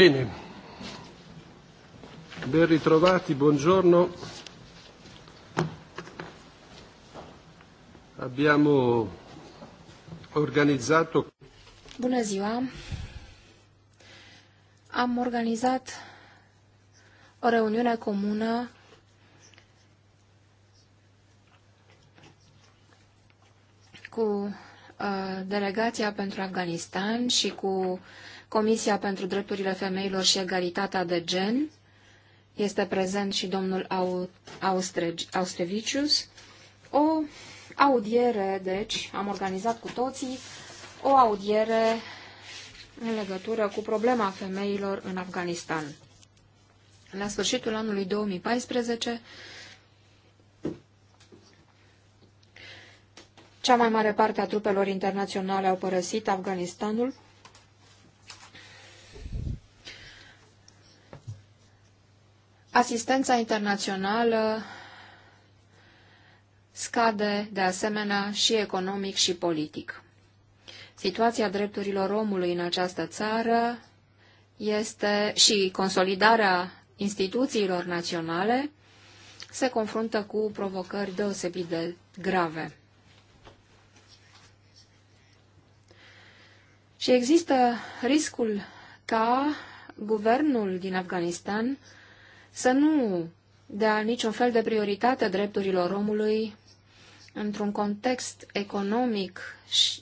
Bine. Ben ritrovati, buongiorno. Abbiamo organizzato. Bună ziua. Am organizat o reuniune comună cu uh, delegația pentru Afganistan și cu Comisia pentru Drepturile Femeilor și Egalitatea de Gen. Este prezent și domnul Austre, Austrevicius. O audiere, deci, am organizat cu toții, o audiere în legătură cu problema femeilor în Afganistan. La sfârșitul anului 2014, cea mai mare parte a trupelor internaționale au părăsit Afganistanul, Asistența internațională scade, de asemenea, și economic și politic. Situația drepturilor omului în această țară este și consolidarea instituțiilor naționale se confruntă cu provocări deosebit de grave. Și există riscul ca guvernul din Afganistan să nu dea niciun fel de prioritate drepturilor omului într-un context economic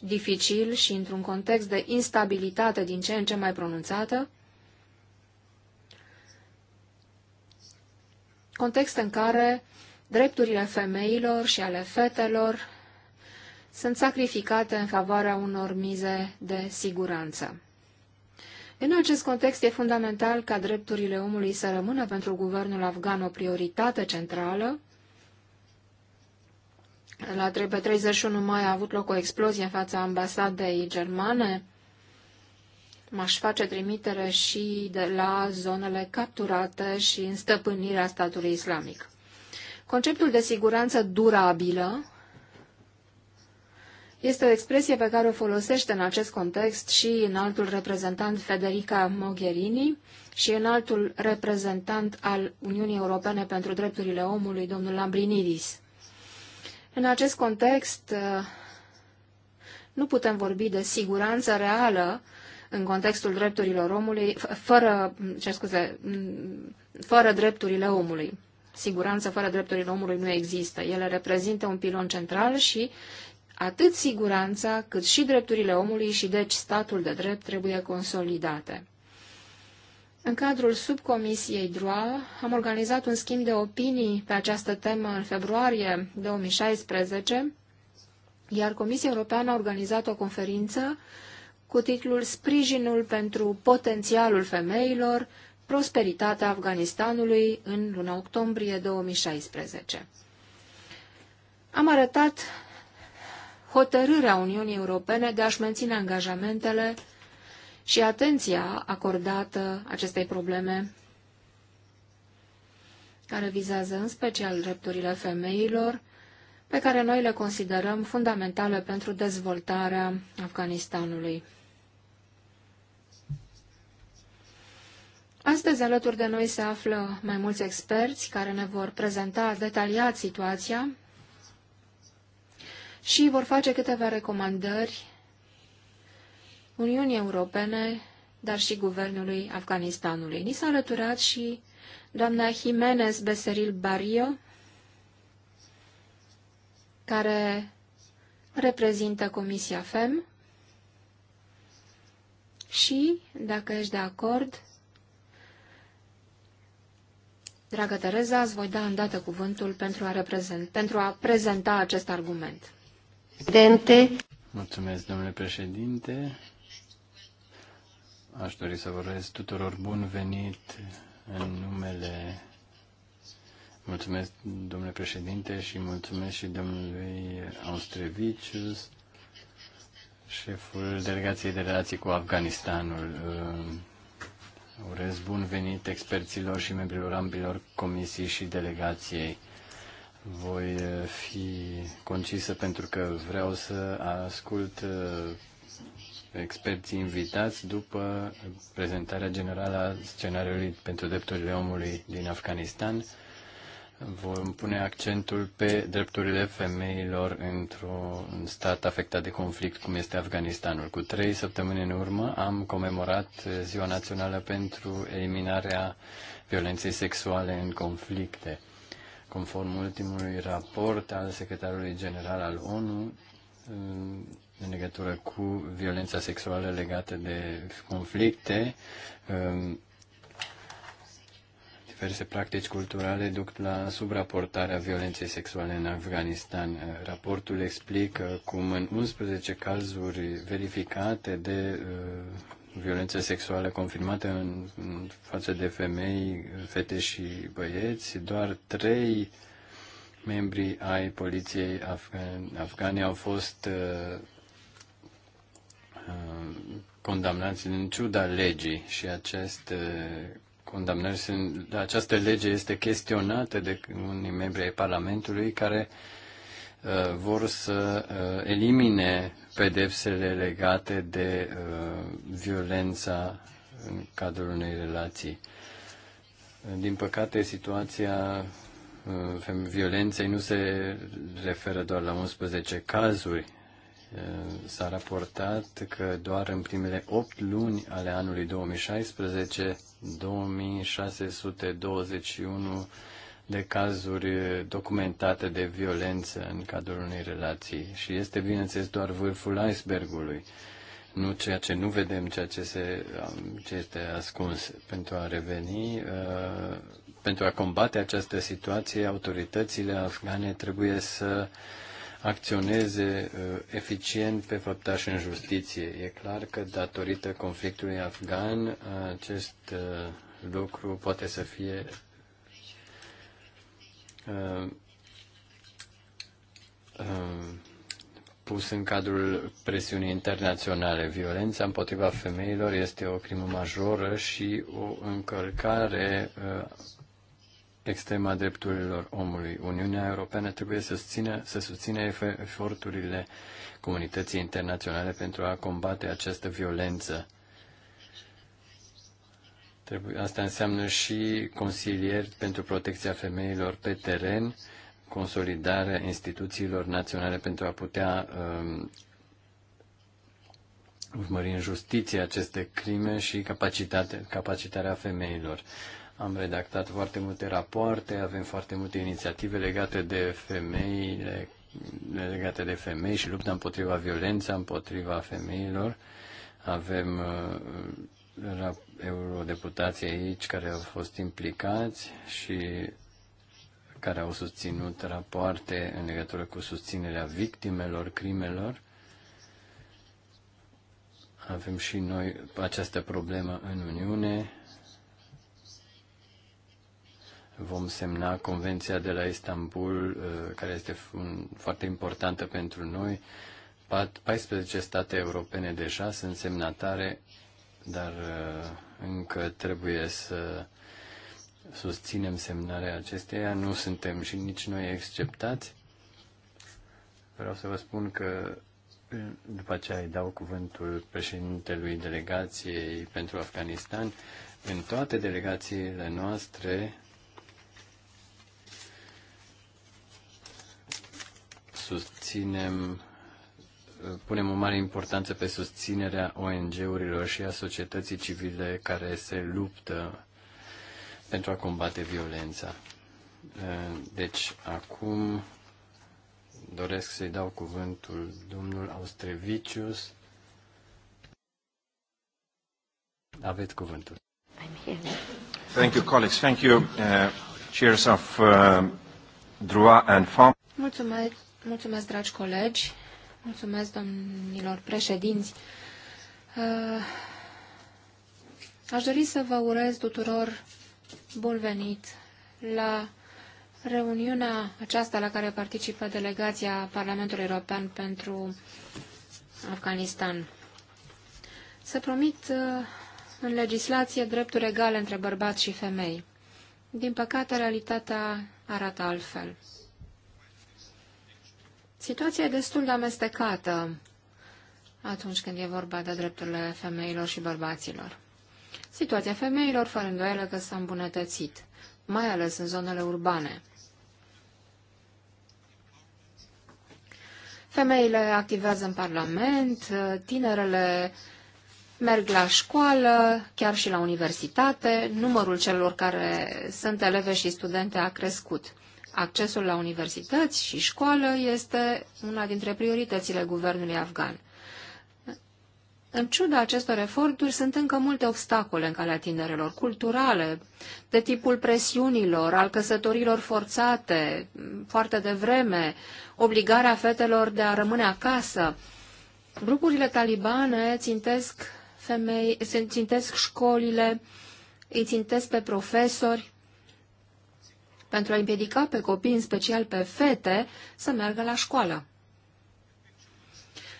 dificil și într-un context de instabilitate din ce în ce mai pronunțată, context în care drepturile femeilor și ale fetelor sunt sacrificate în favoarea unor mize de siguranță. În acest context, e fundamental ca drepturile omului să rămână pentru guvernul afgan o prioritate centrală. La 31 mai a avut loc o explozie în fața ambasadei germane. M-aș face trimitere și de la zonele capturate și în stăpânirea statului islamic. Conceptul de siguranță durabilă este o expresie pe care o folosește în acest context și în altul reprezentant Federica Mogherini și în altul reprezentant al Uniunii Europene pentru Drepturile Omului, domnul Lambrinidis. În acest context, uh, nu putem vorbi de siguranță reală în contextul drepturilor omului, fără, ce scuze, fără drepturile omului. Siguranță fără drepturile omului nu există. Ele reprezintă un pilon central și Atât siguranța, cât și drepturile omului și deci statul de drept trebuie consolidate. În cadrul subcomisiei DROA am organizat un schimb de opinii pe această temă în februarie 2016, iar Comisia Europeană a organizat o conferință cu titlul Sprijinul pentru potențialul femeilor, prosperitatea Afganistanului în luna octombrie 2016. Am arătat hotărârea Uniunii Europene de a-și menține angajamentele și atenția acordată acestei probleme, care vizează în special drepturile femeilor, pe care noi le considerăm fundamentale pentru dezvoltarea Afganistanului. Astăzi, alături de noi se află mai mulți experți care ne vor prezenta detaliat situația și vor face câteva recomandări Uniunii Europene, dar și guvernului Afganistanului. Ni s-a alăturat și doamna Jimenez Beseril Barrio, care reprezintă Comisia FEM și, dacă ești de acord, dragă Tereza, îți voi da îndată cuvântul pentru a, reprezent, pentru a prezenta acest argument. Președinte. Mulțumesc, domnule președinte. Aș dori să vă urez tuturor bun venit în numele... Mulțumesc, domnule președinte, și mulțumesc și domnului Austrevicius, șeful delegației de relații cu Afganistanul. Urez bun venit experților și membrilor ambilor comisii și delegației voi eh, fi concisă pentru că vreau să ascult eh, experții invitați după prezentarea generală a scenariului pentru drepturile omului din Afganistan. Vom pune accentul pe drepturile femeilor într-un stat afectat de conflict cum este Afganistanul. Cu trei săptămâni în urmă am comemorat eh, Ziua Națională pentru eliminarea violenței sexuale în conflicte. Conform ultimului raport al secretarului general al ONU, în legătură cu violența sexuală legată de conflicte, um, diverse practici culturale duc la subraportarea violenței sexuale în Afganistan. Raportul explică cum în 11 cazuri verificate de uh, violențe sexuale confirmate în, în față de femei, fete și băieți. Doar trei membri ai poliției afgane, afgane au fost uh, uh, condamnați în ciuda legii și aceste condamnări sunt, această lege este chestionată de unii membri ai Parlamentului care uh, Uh, vor să uh, elimine pedepsele legate de uh, violența în cadrul unei relații. Din păcate, situația violenței nu se referă doar la 11 cazuri. S-a raportat că doar în primele 8 luni ale anului 2016, 2621 de cazuri documentate de violență în cadrul unei relații și este, bineînțeles, doar vârful icebergului, nu ceea ce nu vedem, ceea ce, se, ce este ascuns. Pentru a reveni, uh, pentru a combate această situație, autoritățile afgane trebuie să acționeze uh, eficient pe făptaș în justiție. E clar că datorită conflictului afgan acest uh, lucru poate să fie Uh, uh, pus în cadrul presiunii internaționale. Violența împotriva femeilor este o crimă majoră și o încălcare uh, extrema drepturilor omului. Uniunea Europeană trebuie să susțină, să susține eforturile comunității internaționale pentru a combate această violență. Trebuie, asta înseamnă și consilieri pentru protecția femeilor pe teren, consolidarea instituțiilor naționale pentru a putea um, urmări în justiție aceste crime și capacitate, capacitarea femeilor. Am redactat foarte multe rapoarte, avem foarte multe inițiative legate de femei, legate de femei și lupta împotriva violența, împotriva femeilor. Avem uh, eurodeputații aici care au fost implicați și care au susținut rapoarte în legătură cu susținerea victimelor crimelor. Avem și noi această problemă în Uniune. Vom semna Convenția de la Istanbul, uh, care este foarte importantă pentru noi. 14 state europene deja sunt semnatare dar uh, încă trebuie să susținem semnarea acesteia. Nu suntem și nici noi exceptați. Vreau să vă spun că după ce îi dau cuvântul președintelui delegației pentru Afganistan. În toate delegațiile noastre susținem punem o mare importanță pe susținerea ONG-urilor și a societății civile care se luptă pentru a combate violența. Deci, acum doresc să-i dau cuvântul domnul Austrevicius. Aveți cuvântul. I'm here. Thank you, colleagues. Thank you, uh, chairs of uh, DRUA and Fom. Mulțumesc, mulțumesc, dragi colegi. Mulțumesc, domnilor președinți. Uh, aș dori să vă urez tuturor bun venit la reuniunea aceasta la care participă delegația Parlamentului European pentru Afganistan. Să promit uh, în legislație drepturi egale între bărbați și femei. Din păcate, realitatea arată altfel. Situația e destul de amestecată atunci când e vorba de drepturile femeilor și bărbaților. Situația femeilor, fără îndoială că s-a îmbunătățit, mai ales în zonele urbane. Femeile activează în Parlament, tinerele merg la școală, chiar și la universitate, numărul celor care sunt eleve și studente a crescut. Accesul la universități și școală este una dintre prioritățile guvernului afgan. În ciuda acestor eforturi, sunt încă multe obstacole în calea tinerelor culturale, de tipul presiunilor, al căsătorilor forțate, foarte devreme, obligarea fetelor de a rămâne acasă. Grupurile talibane țintesc, femei, țintesc școlile, îi țintesc pe profesori, pentru a împiedica pe copii, în special pe fete, să meargă la școală.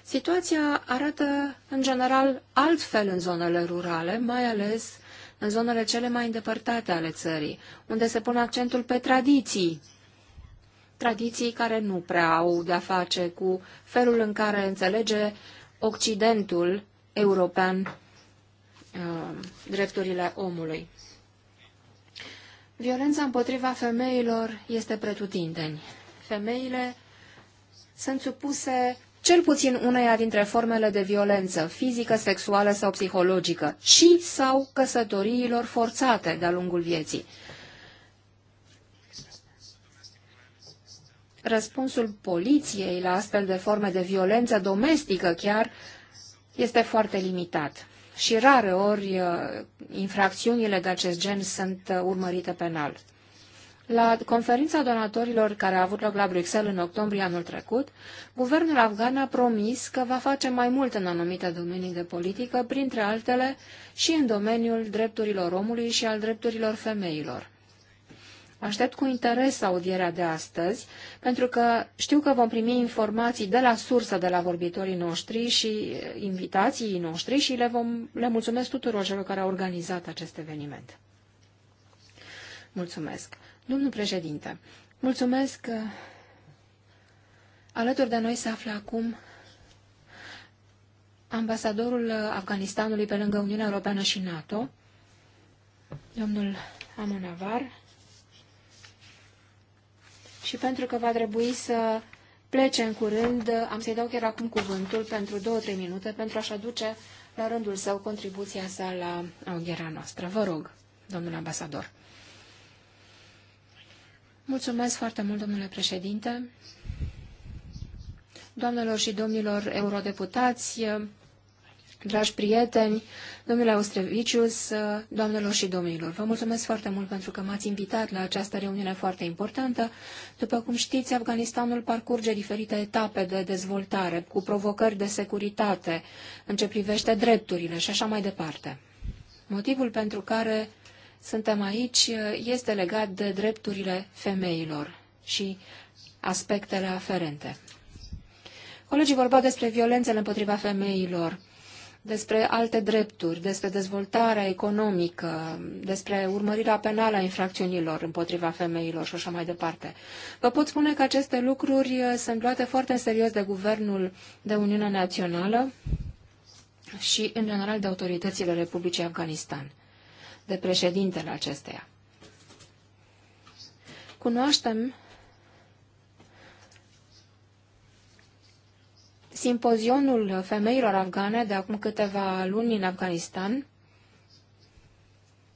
Situația arată, în general, altfel în zonele rurale, mai ales în zonele cele mai îndepărtate ale țării, unde se pune accentul pe tradiții, tradiții care nu prea au de-a face cu felul în care înțelege Occidentul european uh, drepturile omului. Violența împotriva femeilor este pretutindeni. Femeile sunt supuse cel puțin uneia dintre formele de violență, fizică, sexuală sau psihologică, și sau căsătoriilor forțate de-a lungul vieții. Răspunsul poliției la astfel de forme de violență domestică chiar este foarte limitat și rare ori uh, infracțiunile de acest gen sunt uh, urmărite penal. La conferința donatorilor care a avut loc la Bruxelles în octombrie anul trecut, guvernul afgan a promis că va face mai mult în anumite domenii de politică, printre altele și în domeniul drepturilor omului și al drepturilor femeilor. Aștept cu interes audierea de astăzi, pentru că știu că vom primi informații de la sursă de la vorbitorii noștri și eh, invitații noștri și le, vom, le mulțumesc tuturor celor care au organizat acest eveniment. Mulțumesc. Domnul președinte, mulțumesc că alături de noi se află acum ambasadorul eh, Afganistanului pe lângă Uniunea Europeană și NATO, domnul Amonavar, și pentru că va trebui să plece în curând, am să-i dau chiar acum cuvântul pentru două-trei minute pentru a-și aduce la rândul său contribuția sa la audierea noastră. Vă rog, domnule ambasador. Mulțumesc foarte mult, domnule președinte. Doamnelor și domnilor eurodeputați, dragi prieteni, domnule Austrevicius, doamnelor și domnilor, vă mulțumesc foarte mult pentru că m-ați invitat la această reuniune foarte importantă. După cum știți, Afganistanul parcurge diferite etape de dezvoltare, cu provocări de securitate, în ce privește drepturile și așa mai departe. Motivul pentru care suntem aici este legat de drepturile femeilor și aspectele aferente. Colegii vorbeau despre violențele împotriva femeilor, despre alte drepturi, despre dezvoltarea economică, despre urmărirea penală a infracțiunilor împotriva femeilor și așa mai departe. Vă pot spune că aceste lucruri uh, sunt luate foarte în serios de Guvernul de Uniune Națională și, în general, de autoritățile Republicii Afganistan, de președintele acesteia. Cunoaștem simpozionul femeilor afgane de acum câteva luni în Afganistan,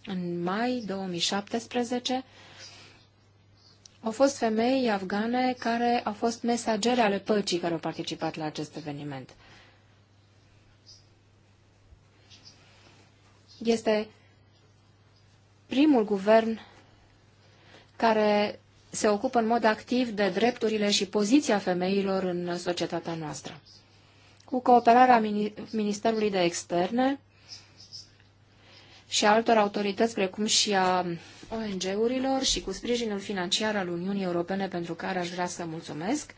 în mai 2017, au fost femei afgane care au fost mesagere ale păcii care au participat la acest eveniment. Este primul guvern care se ocupă în mod activ de drepturile și poziția femeilor în societatea noastră. Cu cooperarea Ministerului de Externe și altor autorități, precum și a ONG-urilor și cu sprijinul financiar al Uniunii Europene, pentru care aș vrea să mulțumesc,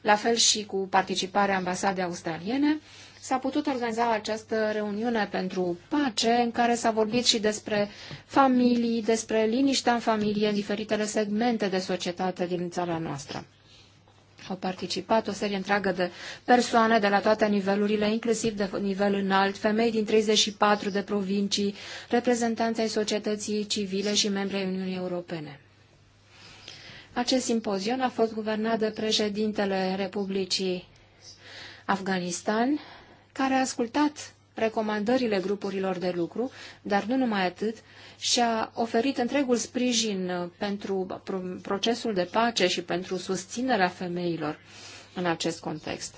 la fel și cu participarea ambasadei australiene, s-a putut organiza această reuniune pentru pace, în care s-a vorbit și despre familii, despre liniștea în familie, diferitele segmente de societate din țara noastră. Au participat o serie întreagă de persoane de la toate nivelurile, inclusiv de nivel înalt, femei din 34 de provincii, reprezentanți ai societății civile și membri ai Uniunii Europene. Acest simpozion a fost guvernat de președintele Republicii Afganistan, care a ascultat recomandările grupurilor de lucru, dar nu numai atât, și-a oferit întregul sprijin uh, pentru uh, procesul de pace și pentru susținerea femeilor în acest context.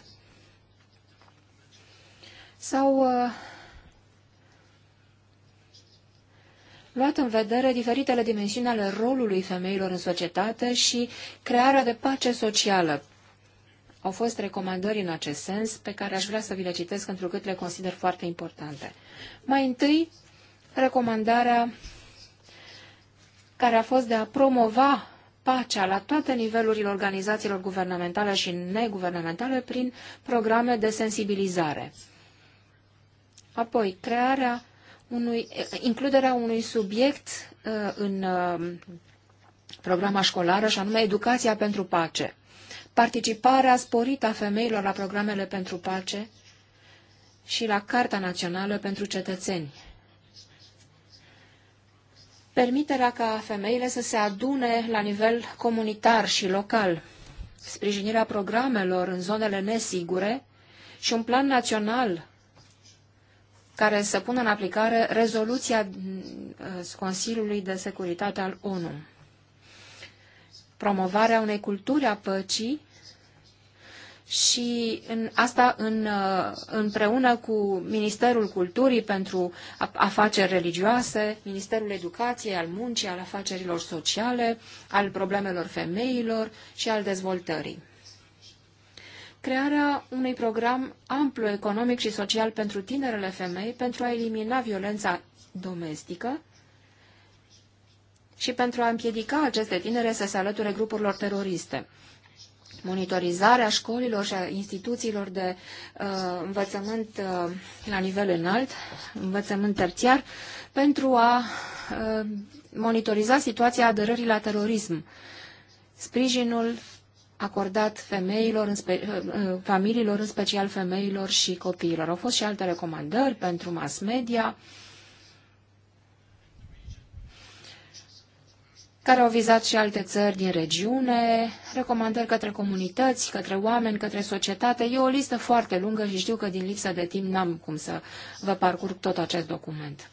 S-au uh, luat în vedere diferitele dimensiuni ale rolului femeilor în societate și crearea de pace socială au fost recomandări în acest sens pe care aș vrea să vi le citesc pentru că le consider foarte importante. Mai întâi, recomandarea care a fost de a promova pacea la toate nivelurile organizațiilor guvernamentale și neguvernamentale prin programe de sensibilizare. Apoi, crearea unui, includerea unui subiect uh, în uh, programa școlară, și anume educația pentru pace participarea sporită a femeilor la programele pentru pace și la Carta Națională pentru Cetățeni. Permiterea ca femeile să se adune la nivel comunitar și local, sprijinirea programelor în zonele nesigure și un plan național care să pună în aplicare rezoluția uh, Consiliului de Securitate al ONU. Promovarea unei culturi a păcii și în, asta în, uh, împreună cu Ministerul Culturii pentru afaceri religioase, Ministerul Educației, al muncii, al afacerilor sociale, al problemelor femeilor și al dezvoltării. Crearea unui program amplu economic și social pentru tinerele femei pentru a elimina violența domestică și pentru a împiedica aceste tinere să se alăture grupurilor teroriste monitorizarea școlilor și a instituțiilor de uh, învățământ uh, la nivel înalt, învățământ terțiar, pentru a uh, monitoriza situația aderării la terorism. Sprijinul acordat femeilor, în spe, uh, uh familiilor, în special femeilor și copiilor. Au fost și alte recomandări pentru mass media, uh, care au vizat și alte țări din regiune, recomandări către comunități, către oameni, către societate. E o listă foarte lungă și știu că din lipsă de timp n-am cum să vă parcurg tot acest document.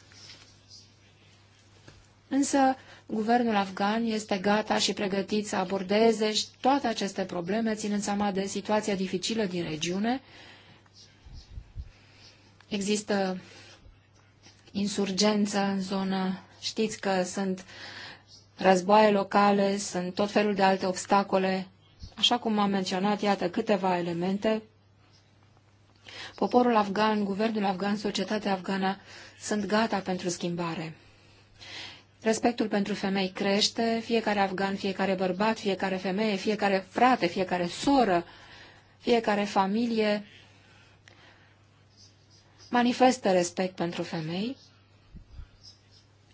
Însă, guvernul afgan este gata și pregătit să abordeze toate aceste probleme, ținând seama de situația dificilă din regiune. Există insurgență în zonă. Știți că sunt uh, războaie locale, sunt tot felul de alte obstacole. Așa cum am menționat, iată câteva elemente. Poporul afgan, guvernul afgan, societatea afgană sunt gata pentru schimbare. Respectul pentru femei crește, fiecare afgan, fiecare bărbat, fiecare femeie, fiecare frate, fiecare soră, fiecare familie manifestă respect pentru femei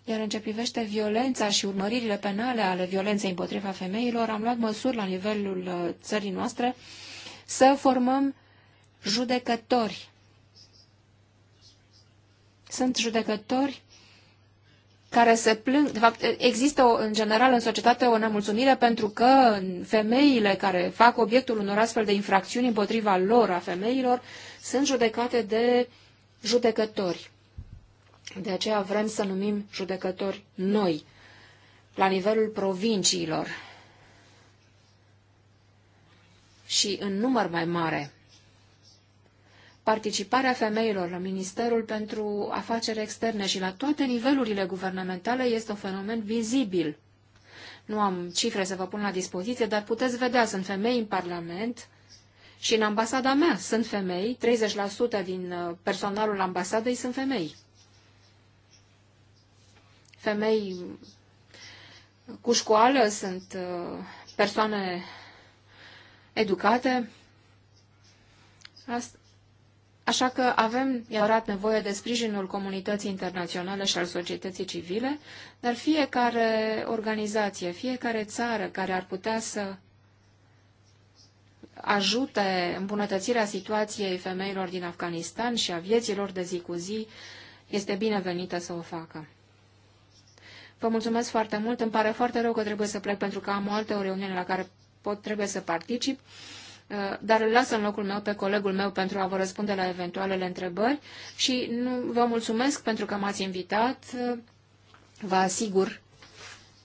iar în ce privește violența și urmăririle penale ale violenței împotriva femeilor, am luat măsuri la nivelul uh, țării noastre să formăm judecători. Sunt judecători care se plâng. De fapt, există o, în general în societate o nemulțumire pentru că femeile care fac obiectul unor astfel de infracțiuni împotriva lor, a femeilor, sunt judecate de judecători. De aceea vrem să numim judecători noi, la nivelul provinciilor și în număr mai mare. Participarea femeilor la Ministerul pentru Afaceri Externe și la toate nivelurile guvernamentale este un fenomen vizibil. Nu am cifre să vă pun la dispoziție, dar puteți vedea, sunt femei în Parlament și în ambasada mea sunt femei, 30% din uh, personalul ambasadei sunt femei femei cu școală, sunt uh, persoane educate. Asta Așa că avem iarat, nevoie de sprijinul comunității internaționale și al societății civile, dar fiecare organizație, fiecare țară care ar putea să ajute îmbunătățirea situației femeilor din Afganistan și a vieților de zi cu zi, este binevenită să o facă. Vă mulțumesc foarte mult. Îmi pare foarte rău că trebuie să plec pentru că am o altă reuniune la care pot, trebuie să particip, uh, dar îl las în locul meu pe colegul meu pentru a vă răspunde la eventualele întrebări și nu, vă mulțumesc pentru că m-ați invitat. Vă asigur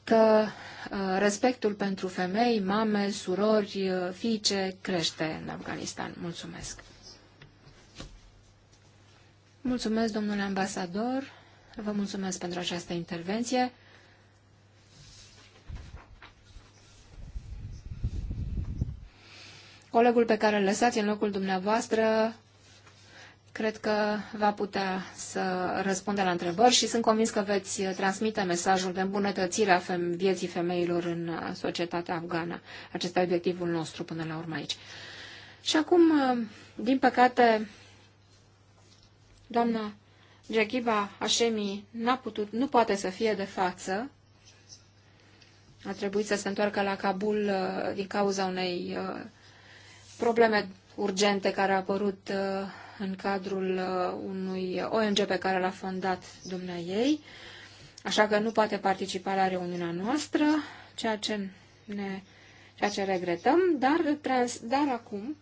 că uh, respectul pentru femei, mame, surori, uh, fiice crește în Afganistan. Mulțumesc! Mulțumesc, domnule ambasador, vă mulțumesc pentru această intervenție. Colegul pe care îl lăsați în locul dumneavoastră cred că va putea să răspundă la întrebări și sunt convins că veți transmite mesajul de îmbunătățire a fem- vieții femeilor în uh, societatea afgană. Acesta e obiectivul nostru până la urmă aici. Și acum, uh, din păcate, doamna Jagiba Hashemi n-a putut, nu poate să fie de față. A trebuit să se întoarcă la Kabul uh, din cauza unei probleme urgente care au apărut uh, în cadrul uh, unui ONG pe care l-a fondat dumnea ei, așa că nu poate participa la reuniunea noastră, ceea ce, ne, ceea ce regretăm, dar, trans, dar acum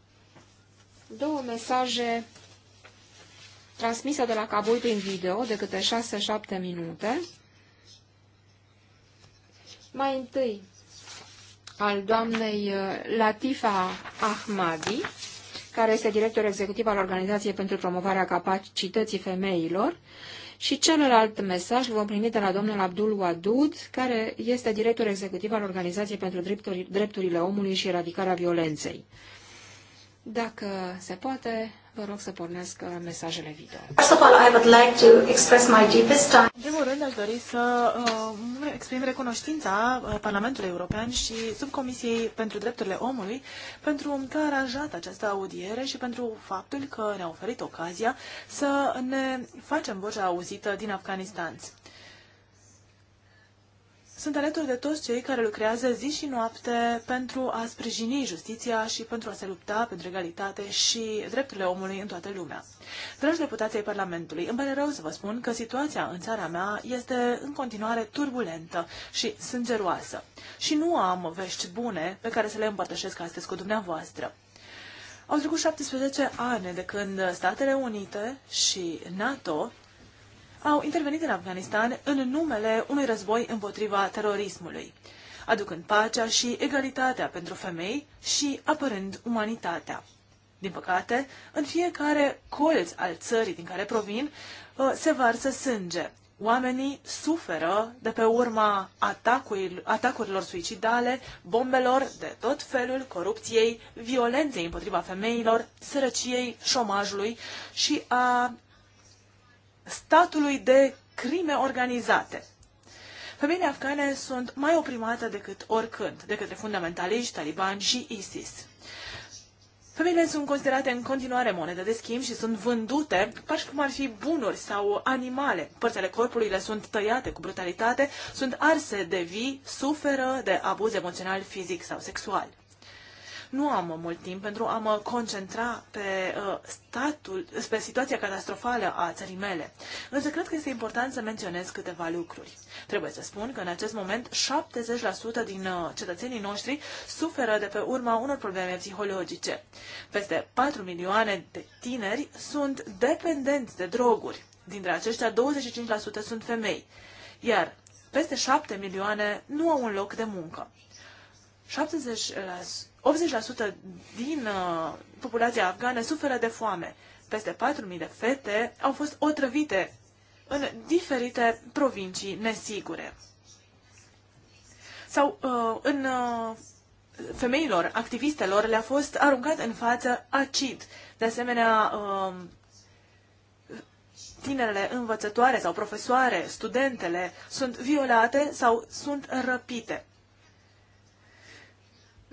două mesaje transmise de la Cabul prin video de câte 6-7 minute. Mai întâi, al doamnei uh, Latifa Ahmadi, care este director executiv al Organizației pentru Promovarea Capacității Femeilor, și celălalt mesaj vom primi de la domnul Abdul Wadud, care este director executiv al Organizației pentru Drepturile Omului și Eradicarea Violenței. Dacă se poate, vă rog să pornesc mesajele video. First of all, I would like to express my deepest time. În primul rând, aș dori să uh, exprim recunoștința uh, Parlamentului European și Subcomisiei pentru Drepturile Omului pentru că a aranjat această audiere și pentru faptul că ne-a oferit ocazia să ne facem vocea auzită din Afganistan. Sunt alături de toți cei care lucrează zi și noapte pentru a sprijini justiția și pentru a se lupta pentru egalitate și drepturile omului în toată lumea. Dragi deputații Parlamentului, îmi pare rău să vă spun că situația în țara mea este în continuare turbulentă și sângeroasă. Și nu am vești bune pe care să le împărtășesc astăzi cu dumneavoastră. Au trecut 17 ani de când Statele Unite și NATO au intervenit în Afganistan în numele unui război împotriva terorismului, aducând pacea și egalitatea pentru femei și apărând umanitatea. Din păcate, în fiecare colț al țării din care provin uh, se varsă sânge. Oamenii suferă de pe urma atacurilor suicidale, bombelor de tot felul, corupției, violenței împotriva femeilor, sărăciei, șomajului și a statului de crime organizate. Femeile afgane sunt mai oprimate decât oricând, de către fundamentaliști, talibani și ISIS. Femeile sunt considerate în continuare monede de schimb și sunt vândute ca și cum ar fi bunuri sau animale. Părțile corpului le sunt tăiate cu brutalitate, sunt arse de vii, suferă de abuz emoțional, fizic sau sexual. Nu am mult timp pentru a mă concentra pe, uh, statul, pe situația catastrofală a țării mele. Însă cred că este important să menționez câteva lucruri. Trebuie să spun că în acest moment 70% din uh, cetățenii noștri suferă de pe urma unor probleme psihologice. Peste 4 milioane de tineri sunt dependenți de droguri. Dintre aceștia, 25% sunt femei, iar peste 7 milioane nu au un loc de muncă. 70%, 80% din uh, populația afgană suferă de foame. Peste 4.000 de fete au fost otrăvite în diferite provincii nesigure. Sau uh, în uh, femeilor, activistelor, le-a fost aruncat în față acid. De asemenea, uh, tinerele învățătoare sau profesoare, studentele, sunt violate sau sunt răpite.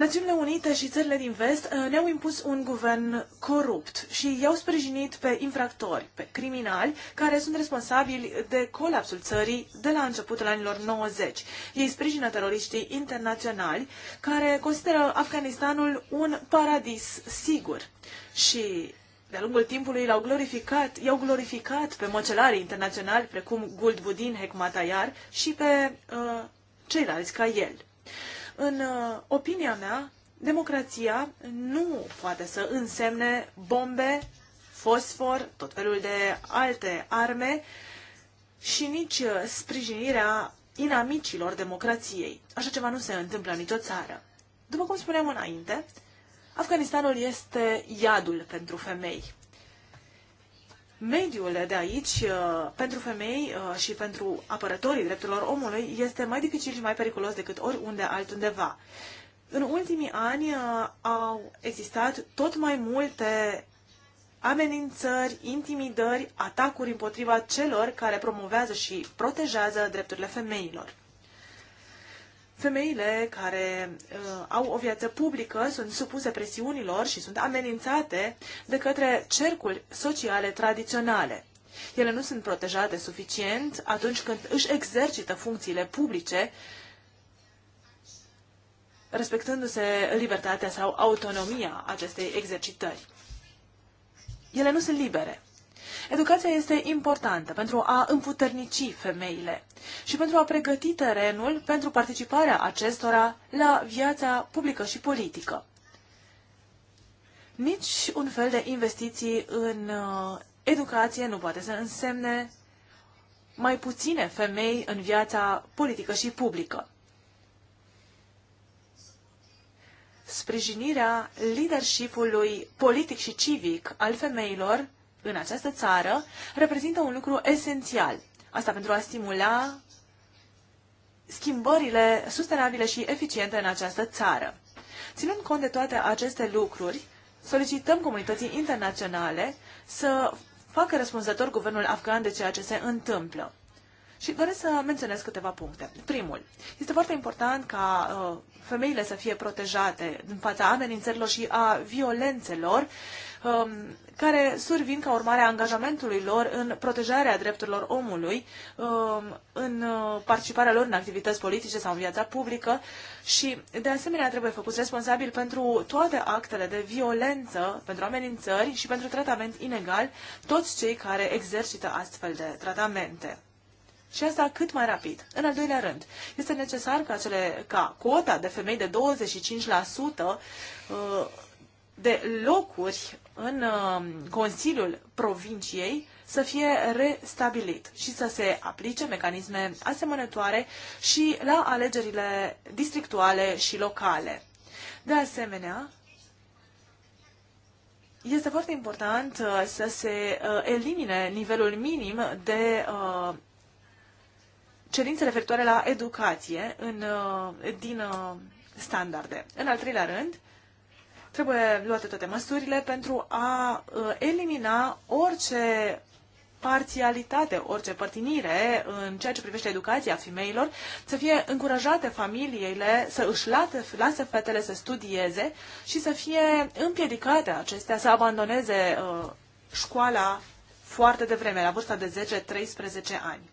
Națiunile Unite și țările din vest uh, ne-au impus un guvern corupt și i-au sprijinit pe infractori, pe criminali, care sunt responsabili de colapsul țării de la începutul anilor 90. Ei sprijină teroriștii internaționali care consideră Afganistanul un paradis sigur și de-a lungul timpului l-au glorificat, i-au glorificat pe măcelarii internaționali precum Guldbudin, Hekmatayar și pe uh, ceilalți ca el. În uh, opinia mea, democrația nu poate să însemne bombe, fosfor, tot felul de alte arme și nici uh, sprijinirea inamicilor democrației. Așa ceva nu se întâmplă în nicio țară. După cum spuneam înainte, Afganistanul este iadul pentru femei mediul de aici uh, pentru femei uh, și pentru apărătorii drepturilor omului este mai dificil și mai periculos decât oriunde altundeva. În ultimii ani uh, au existat tot mai multe amenințări, intimidări, atacuri împotriva celor care promovează și protejează drepturile femeilor. Femeile care uh, au o viață publică sunt supuse presiunilor și sunt amenințate de către cercuri sociale tradiționale. Ele nu sunt protejate suficient atunci când își exercită funcțiile publice, respectându-se libertatea sau autonomia acestei exercitări. Ele nu sunt libere. Educația este importantă pentru a împuternici femeile și pentru a pregăti terenul pentru participarea acestora la viața publică și politică. Nici un fel de investiții în uh, educație nu poate să însemne mai puține femei în viața politică și publică. Sprijinirea leadership politic și civic al femeilor în această țară reprezintă un lucru esențial. Asta pentru a stimula schimbările sustenabile și eficiente în această țară. Ținând cont de toate aceste lucruri, solicităm comunității internaționale să facă răspunzător guvernul afgan de ceea ce se întâmplă. Și doresc să menționez câteva puncte. Primul, este foarte important ca uh, femeile să fie protejate în fața amenințărilor și a violențelor Um, care survin ca urmare a angajamentului lor în protejarea drepturilor omului, um, în uh, participarea lor în activități politice sau în viața publică și, de asemenea, trebuie făcut responsabil pentru toate actele de violență, pentru amenințări și pentru tratament inegal toți cei care exercită astfel de tratamente și asta cât mai rapid. În al doilea rând, este necesar ca, cele, ca cota de femei de 25% de locuri în um, Consiliul Provinciei să fie restabilit și să se aplice mecanisme asemănătoare și la alegerile districtuale și locale. De asemenea, este foarte important uh, să se uh, elimine nivelul minim de uh, cerințe referitoare la educație în, din standarde. În al treilea rând, Trebuie luate toate măsurile pentru a uh, elimina orice parțialitate, orice părtinire în ceea ce privește educația femeilor, să fie încurajate familiile să își late, lase fetele să studieze și să fie împiedicate acestea să abandoneze uh, școala foarte devreme, la vârsta de 10-13 ani.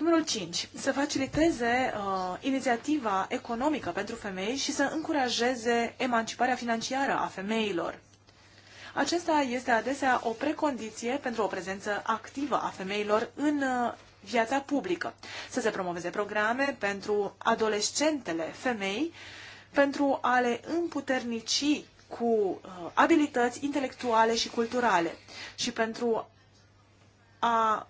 Numărul 5. Să faciliteze uh, inițiativa economică pentru femei și să încurajeze emanciparea financiară a femeilor. Acesta este adesea o precondiție pentru o prezență activă a femeilor în uh, viața publică. Să se promoveze programe pentru adolescentele femei, pentru a le împuternici cu uh, abilități intelectuale și culturale și pentru a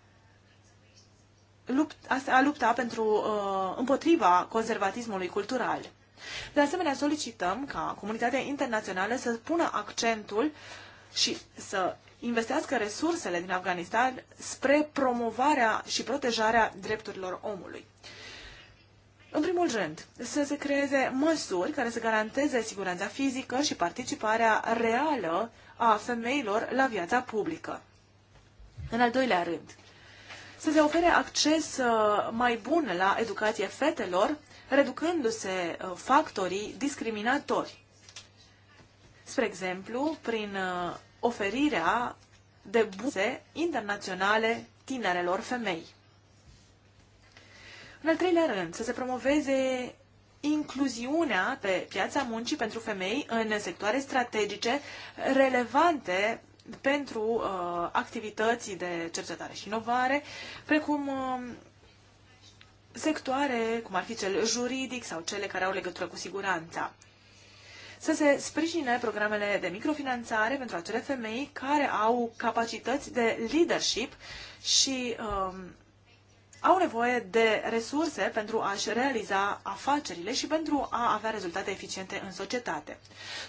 lupt, a lupta pentru, uh, împotriva conservatismului cultural. De asemenea, solicităm ca comunitatea internațională să pună accentul și să investească resursele din Afganistan spre promovarea și protejarea drepturilor omului. În primul rând, să se creeze măsuri care să garanteze siguranța fizică și participarea reală a femeilor la viața publică. În al doilea rând, să se ofere acces uh, mai bun la educație fetelor, reducându-se uh, factorii discriminatori. Spre exemplu, prin uh, oferirea de buze internaționale tinerelor femei. În al treilea rând, să se promoveze incluziunea pe piața muncii pentru femei în sectoare strategice relevante pentru uh, activități de cercetare și inovare, precum uh, sectoare, cum ar fi cel juridic sau cele care au legătură cu siguranța. Să se sprijine programele de microfinanțare pentru acele femei care au capacități de leadership și uh, au nevoie de resurse pentru a-și realiza afacerile și pentru a avea rezultate eficiente în societate.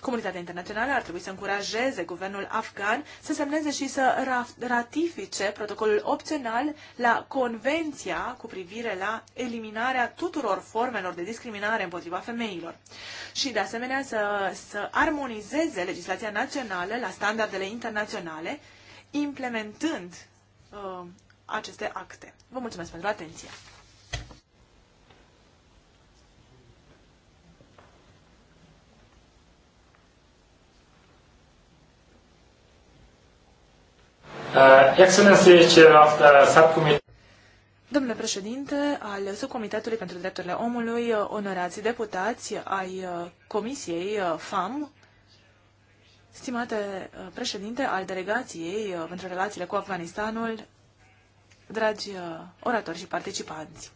Comunitatea internațională ar trebui să încurajeze guvernul afgan să semneze și să ratifice protocolul opțional la Convenția cu privire la eliminarea tuturor formelor de discriminare împotriva femeilor și, de asemenea, să, să armonizeze legislația națională la standardele internaționale, implementând uh, aceste acte. Vă mulțumesc pentru atenție! of uh, the uh, Domnule președinte al Subcomitetului pentru Drepturile Omului, uh, onorați deputați ai Comisiei FAM, stimate președinte al Delegației pentru Relațiile cu Afganistanul, dragi uh, oratori și participanți.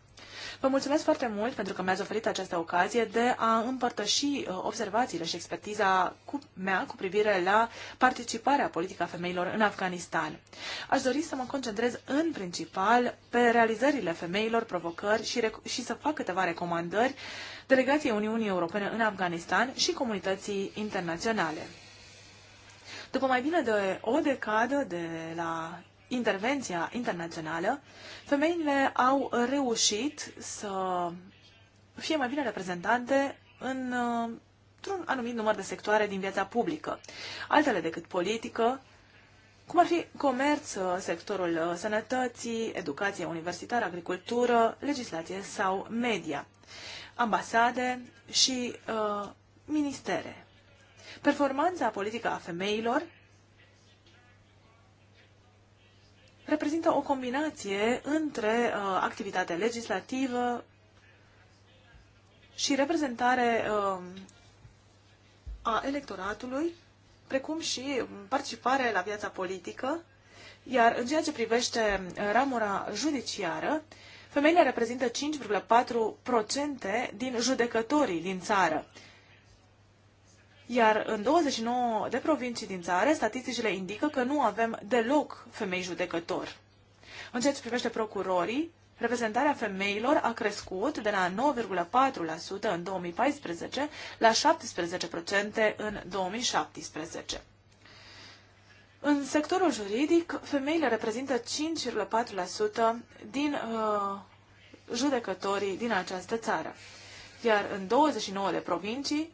Vă mulțumesc foarte mult pentru că mi-ați oferit această ocazie de a împărtăși uh, observațiile și expertiza cu mea cu privire la participarea politică a femeilor în Afganistan. Aș dori să mă concentrez în principal pe realizările femeilor, provocări și, și să fac câteva recomandări delegației Uniunii Europene în Afganistan și comunității internaționale. După mai bine de o decadă de la intervenția internațională, femeile au reușit să fie mai bine reprezentate în într-un anumit număr de sectoare din viața publică, altele decât politică, cum ar fi comerț, sectorul sănătății, educație universitară, agricultură, legislație sau media, ambasade și uh, ministere. Performanța politică a femeilor reprezintă o combinație între uh, activitate legislativă și reprezentare uh, a electoratului, precum și participare la viața politică, iar în ceea ce privește uh, ramura judiciară, femeile reprezintă 5,4% din judecătorii din țară. Iar în 29 de provincii din țară, statisticile indică că nu avem deloc femei judecători. În ceea ce privește procurorii, reprezentarea femeilor a crescut de la 9,4% în 2014 la 17% în 2017. În sectorul juridic, femeile reprezintă 5,4% din uh, judecătorii din această țară. Iar în 29 de provincii,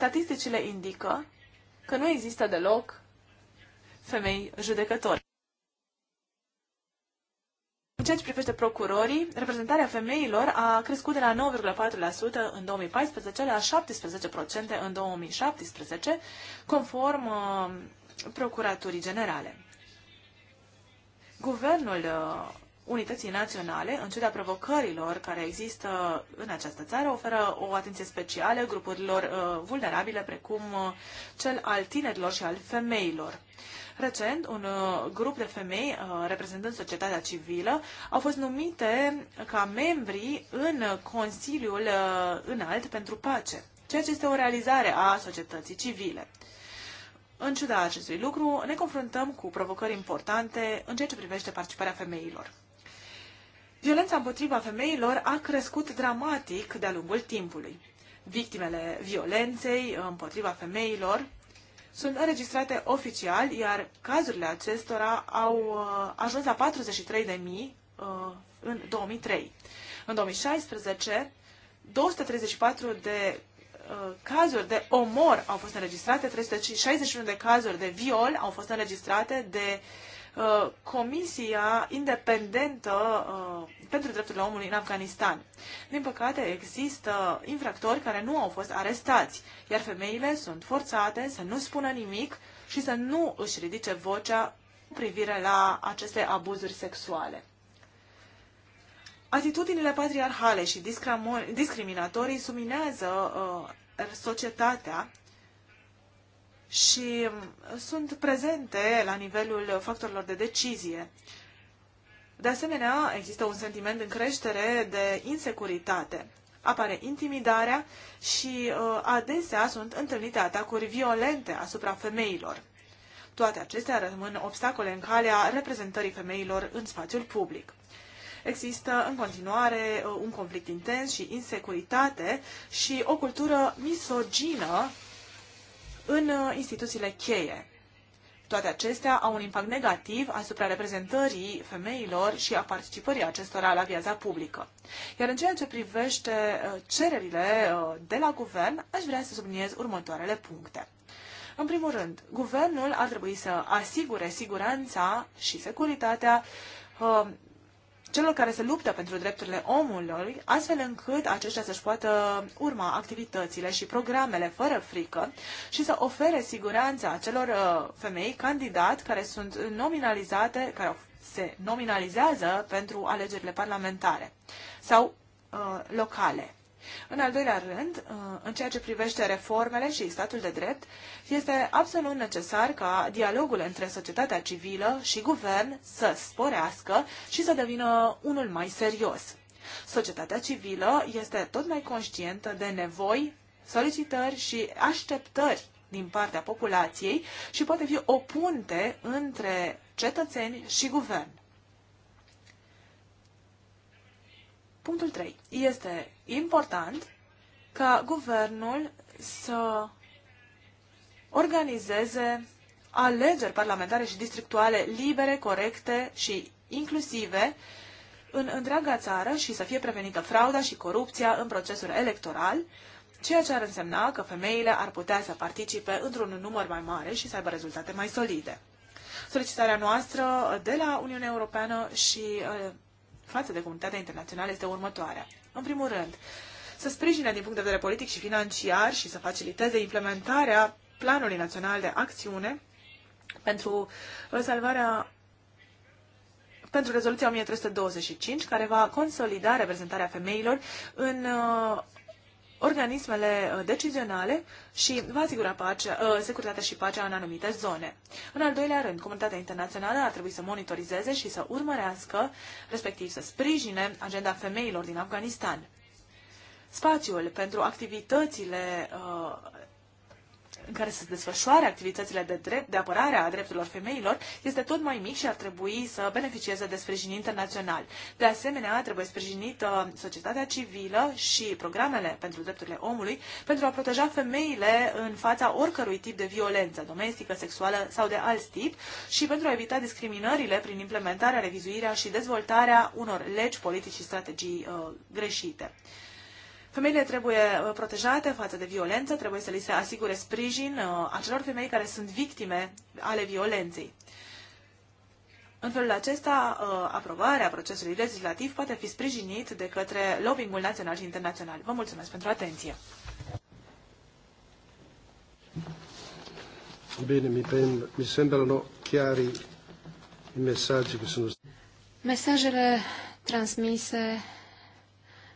statisticile indică că nu există deloc femei judecători. În ceea ce privește procurorii, reprezentarea femeilor a crescut de la 9,4% în 2014 la 17% în 2017, conform uh, Procuraturii Generale. Guvernul uh, unității naționale, în ciuda provocărilor care există în această țară, oferă o atenție specială grupurilor uh, vulnerabile, precum uh, cel al tinerilor și al femeilor. Recent, un uh, grup de femei uh, reprezentând societatea civilă au fost numite ca membri în Consiliul uh, Înalt pentru Pace, ceea ce este o realizare a societății civile. În ciuda acestui lucru, ne confruntăm cu provocări importante în ceea ce privește participarea femeilor. Violența împotriva femeilor a crescut dramatic de-a lungul timpului. Victimele violenței împotriva femeilor sunt înregistrate oficial, iar cazurile acestora au uh, ajuns la 43.000 uh, în 2003. În 2016, 234 de uh, cazuri de omor au fost înregistrate, 361 de cazuri de viol au fost înregistrate de uh, Uh, Comisia Independentă uh, pentru Drepturile Omului în Afganistan. Din păcate, există infractori care nu au fost arestați, iar femeile sunt forțate să nu spună nimic și să nu își ridice vocea cu privire la aceste abuzuri sexuale. Atitudinile patriarhale și discriminatorii suminează uh, societatea și mm, sunt prezente la nivelul factorilor de decizie. De asemenea, există un sentiment în creștere de insecuritate. Apare intimidarea și uh, adesea sunt întâlnite atacuri violente asupra femeilor. Toate acestea rămân obstacole în calea reprezentării femeilor în spațiul public. Există în continuare uh, un conflict intens și insecuritate și o cultură misogină în uh, instituțiile cheie. Toate acestea au un impact negativ asupra reprezentării femeilor și a participării acestora la viața publică. Iar în ceea ce privește uh, cererile uh, de la guvern, aș vrea să subliniez următoarele puncte. În primul rând, guvernul ar trebui să asigure siguranța și securitatea celor care se luptă pentru drepturile omului, astfel încât aceștia să-și poată urma activitățile și programele fără frică și să ofere siguranța celor uh, femei candidat care sunt nominalizate, care se nominalizează pentru alegerile parlamentare sau uh, locale. În al doilea rând, uh, în ceea ce privește reformele și statul de drept, este absolut necesar ca dialogul între societatea civilă și guvern să sporească și să devină unul mai serios. Societatea civilă este tot mai conștientă de nevoi, solicitări și așteptări din partea populației și poate fi o punte între cetățeni și guvern. Punctul 3. Este important ca guvernul să organizeze alegeri parlamentare și districtuale libere, corecte și inclusive în întreaga țară și să fie prevenită frauda și corupția în procesul electoral, ceea ce ar însemna că femeile ar putea să participe într-un număr mai mare și să aibă rezultate mai solide. Solicitarea noastră de la Uniunea Europeană și uh, față de comunitatea internațională este următoarea. În primul rând, să sprijine din punct de vedere politic și financiar și să faciliteze implementarea Planului Național de Acțiune pentru salvarea pentru rezoluția 1325, care va consolida reprezentarea femeilor în uh, organismele uh, decizionale și va asigura pacea, uh, securitatea și pacea în anumite zone. În al doilea rând, comunitatea internațională ar trebui să monitorizeze și să urmărească, respectiv să sprijine agenda femeilor din Afganistan. Spațiul pentru activitățile uh, în care se desfășoare activitățile de, drept, de apărare a drepturilor femeilor este tot mai mic și ar trebui să beneficieze de sprijin internațional. De asemenea, trebuie sprijinită societatea civilă și programele pentru drepturile omului pentru a proteja femeile în fața oricărui tip de violență domestică, sexuală sau de alt tip și pentru a evita discriminările prin implementarea, revizuirea și dezvoltarea unor legi, politici și strategii uh, greșite. Femeile trebuie uh, protejate față de violență, trebuie să li se asigure sprijin uh, acelor femei care sunt victime ale violenței. În felul acesta, uh, aprobarea procesului legislativ poate fi sprijinit de către lobbyingul național și internațional. Vă mulțumesc pentru atenție! Bine, mi, mi sembrano chiari i messaggi che sono stati. Mesajele transmise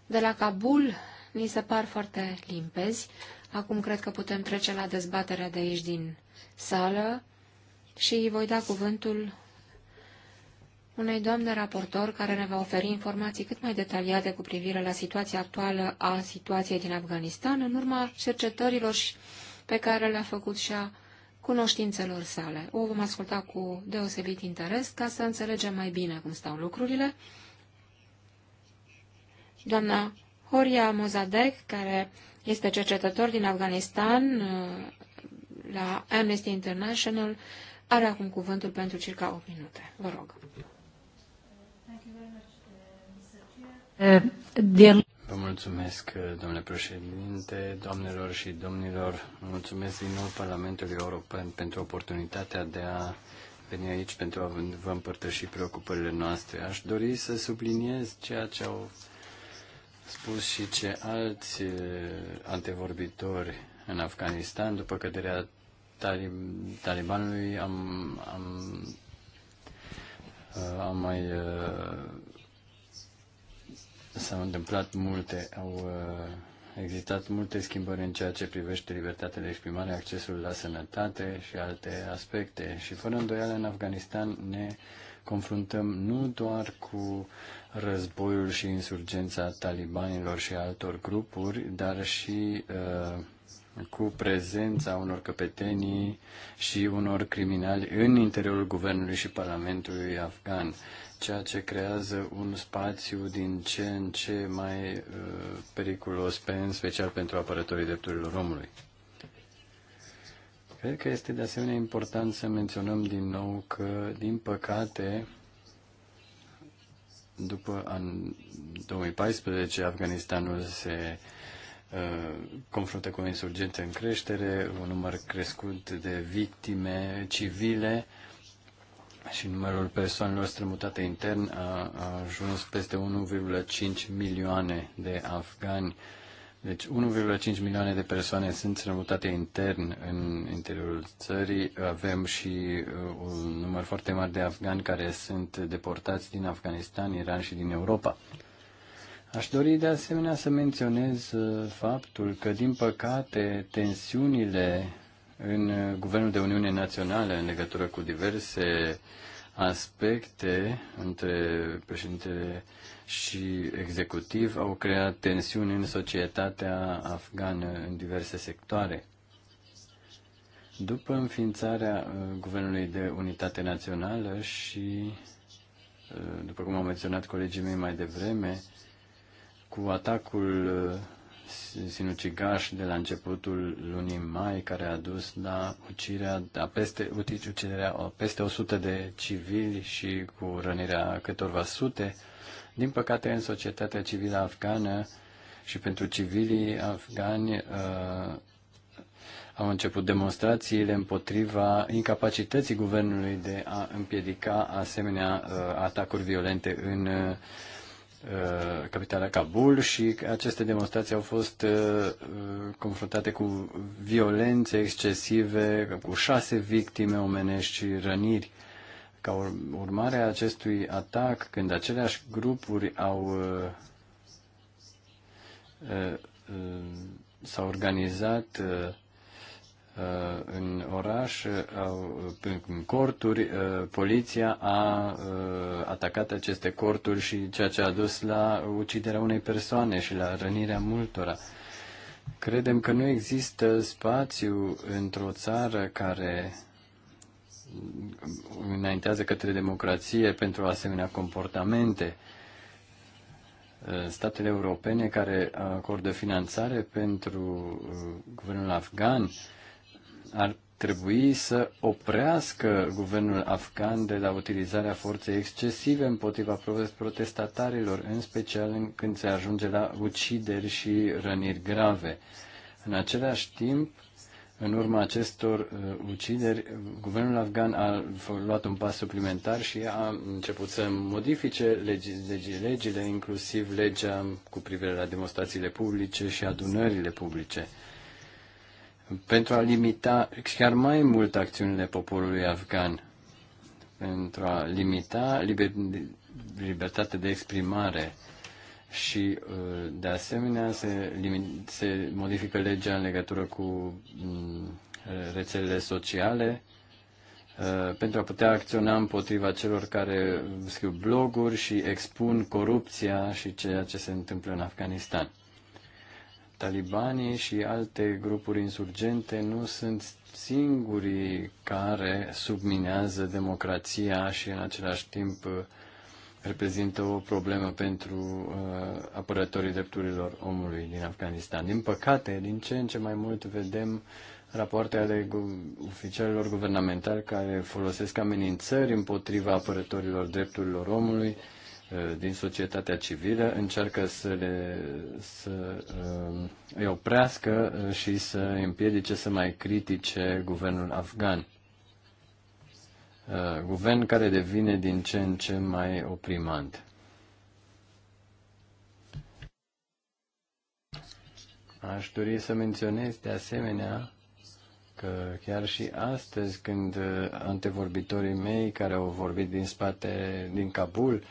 de la Kabul mi se par foarte limpezi. Acum cred că putem trece la dezbaterea de aici din sală și voi da cuvântul unei doamne raportor care ne va oferi informații cât mai detaliate cu privire la situația actuală a situației din Afganistan în urma cercetărilor pe care le-a făcut și a cunoștințelor sale. O vom asculta cu deosebit interes ca să înțelegem mai bine cum stau lucrurile. Doamna Horia Mozadek, care este cercetător din Afganistan uh, la Amnesty International, are acum cuvântul pentru circa 8 minute. Vă rog. Vă mulțumesc, domnule președinte, doamnelor și domnilor. Mulțumesc din nou Parlamentului European pentru oportunitatea de a veni aici pentru a vă împărtăși preocupările noastre. Aș dori să subliniez ceea ce au spus și ce alți eh, antevorbitori în Afganistan, după căderea talib- talibanului, am, am, eh, am mai eh, s-au întâmplat multe, au existat multe schimbări în ceea ce privește libertatea de exprimare, accesul la sănătate și alte aspecte. Și fără îndoială în Afganistan ne confruntăm nu doar cu războiul și insurgența talibanilor și altor grupuri, dar și uh, cu prezența unor căpetenii și unor criminali în interiorul guvernului și parlamentului afgan, ceea ce creează un spațiu din ce în ce mai uh, periculos, pe, în special pentru apărătorii drepturilor omului. Cred că este de asemenea important să menționăm din nou că, din păcate, după an 2014, Afganistanul se uh, confruntă cu o insurgență în creștere, un număr crescut de victime civile și numărul persoanelor strămutate intern a, a ajuns peste 1,5 milioane de afgani. Uh, deci 1,5 milioane de persoane sunt strămutate intern în interiorul țării. Avem și uh, un număr foarte mare de afgani care sunt deportați din Afganistan, Iran și din Europa. Aș dori de asemenea să menționez uh, faptul că, din păcate, tensiunile în uh, Guvernul de Uniune Națională în legătură cu diverse aspecte între președintele și executiv au creat tensiuni în societatea afgană în diverse sectoare. După înființarea uh, Guvernului de Unitate Națională și, uh, după cum au menționat colegii mei mai devreme, cu atacul uh, sinucigaș de la începutul lunii mai, care a dus la ucirea a peste, uciderea a peste 100 de civili și cu rănirea câtorva sute, din păcate, în societatea civilă afgană și pentru civilii afgani uh, au început demonstrațiile împotriva incapacității guvernului de a împiedica asemenea uh, atacuri violente în uh, capitala Kabul și aceste demonstrații au fost confruntate cu violențe excesive, cu șase victime omenești și răniri. Ca urmare a acestui atac, când aceleași grupuri au uh, uh, s-au organizat uh, în oraș, în corturi, poliția a atacat aceste corturi și ceea ce a dus la uciderea unei persoane și la rănirea multora. Credem că nu există spațiu într-o țară care înaintează către democrație pentru asemenea comportamente. Statele europene care acordă finanțare pentru uh, guvernul afgan ar trebui să oprească guvernul afgan de la utilizarea forței excesive împotriva protestatarilor, în special când se ajunge la ucideri și răniri grave. În același timp, în urma acestor uh, ucideri, guvernul afgan a luat un pas suplimentar și a început să modifice legi, legi, legile, inclusiv legea cu privire la demonstrațiile publice și adunările publice, pentru a limita chiar mai mult acțiunile poporului afgan, pentru a limita liber, libertatea de exprimare, și, uh, de asemenea, se, limit, se modifică legea în legătură cu mm, rețelele sociale uh, pentru a putea acționa împotriva celor care scriu bloguri și expun corupția și ceea ce se întâmplă în Afganistan. Talibanii și alte grupuri insurgente nu sunt singurii care subminează democrația și în același timp reprezintă o problemă pentru uh, apărătorii drepturilor omului din Afganistan. Din păcate, din ce în ce mai mult vedem rapoarte ale gu- oficialilor guvernamentali care folosesc amenințări împotriva apărătorilor drepturilor omului uh, din societatea civilă, încearcă să, le, să uh, îi oprească uh, și să împiedice să mai critique guvernul afgan Uh, guvern care devine din ce în ce mai oprimant. Aș dori să menționez de asemenea că chiar și astăzi, când uh, antevorbitorii mei care au vorbit din spate, din Kabul,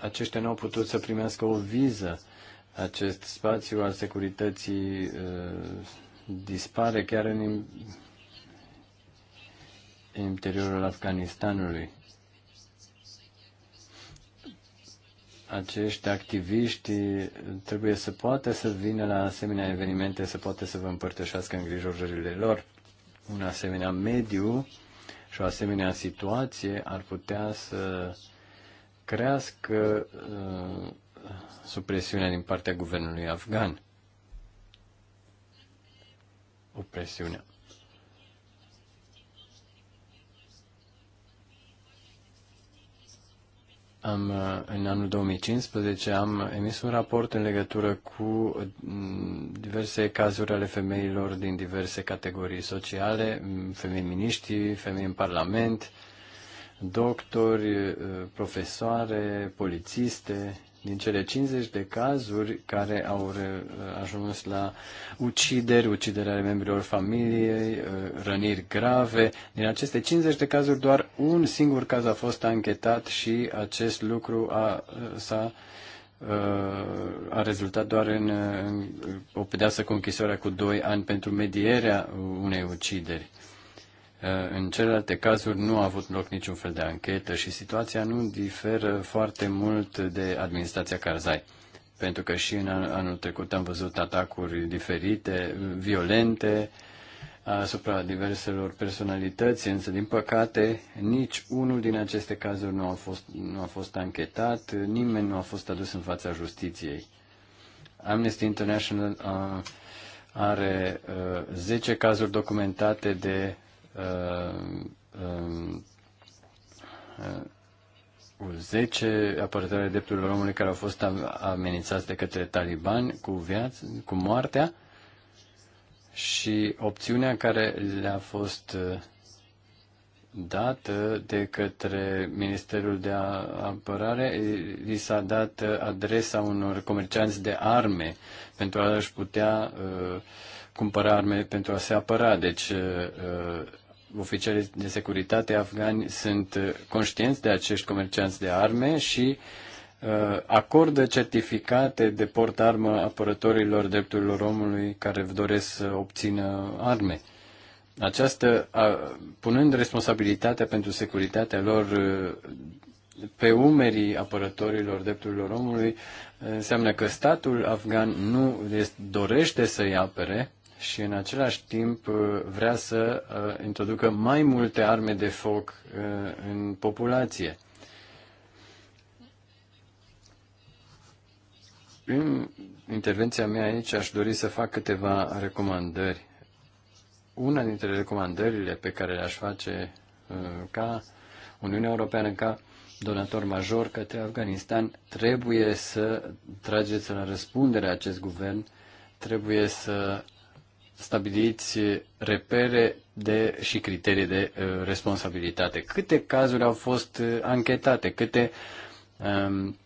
aceștia nu au putut să primească o viză. Acest spațiu al securității uh, dispare chiar în interiorul Afganistanului. Acești activiști trebuie să poată să vină la asemenea evenimente, să poată să vă împărtășească îngrijorările lor. Un asemenea mediu și o asemenea situație ar putea să crească uh, supresiunea din partea guvernului afgan. O presiune. am, uh, în anul 2015 am emis un raport în legătură cu mm, diverse cazuri ale femeilor din diverse categorii sociale, mm, femei miniști, femei în parlament, doctori, uh, profesoare, polițiste din cele 50 de cazuri care au ajuns la ucideri, uciderea membrilor familiei, uh, răniri grave, din aceste 50 de cazuri doar un singur caz a fost anchetat și acest lucru a, uh, s-a uh, a rezultat doar în, în o pedeapsă cu închisoarea cu 2 ani pentru medierea unei ucideri. Eh, în celelalte cazuri nu a avut loc niciun fel de anchetă și situația nu diferă foarte mult de administrația Karzai. Pentru că și în anul trecut am văzut atacuri diferite, violente, asupra diverselor personalități, însă, din păcate, nici unul din aceste cazuri nu a fost, nu a fost anchetat, nimeni nu a fost adus în fața justiției. Amnesty International uh, are uh, 10 cazuri documentate de 10 apărătorii drepturilor omului care au fost amenințați de către talibani cu viață, cu moartea și opțiunea care le-a fost uh, dată de către Ministerul de Apărare, li s-a dat adresa unor comercianți de arme pentru a-și putea uh, cumpăra arme pentru a se apăra. Deci uh, uh oficialii de securitate afgani sunt uh, conștienți de acești comercianți de arme și uh, acordă certificate de port armă apărătorilor drepturilor omului care doresc să obțină arme. Această, punând responsabilitatea pentru securitatea lor uh, pe umerii apărătorilor drepturilor omului înseamnă că statul afgan nu dorește să-i apere și în același timp uh, vrea să uh, introducă mai multe arme de foc uh, în populație. În intervenția mea aici aș dori să fac câteva recomandări. Una dintre recomandările pe care le-aș face ca Uniunea Europeană, ca donator major către Afganistan, trebuie să trageți la răspundere acest guvern, trebuie să stabiliți repere de, și criterii de uh, responsabilitate. Câte cazuri au fost uh, anchetate, câte um,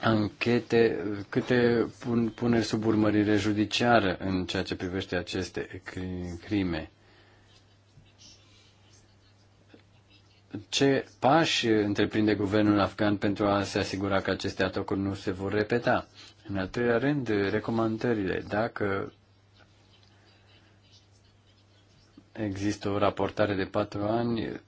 anchete, câte pun, puneri sub urmărire judiciară în ceea ce privește aceste crime. Ce pași întreprinde guvernul afgan pentru a se asigura că aceste atacuri nu se vor repeta? În al treilea rând, recomandările. Dacă Există o raportare de patru ani.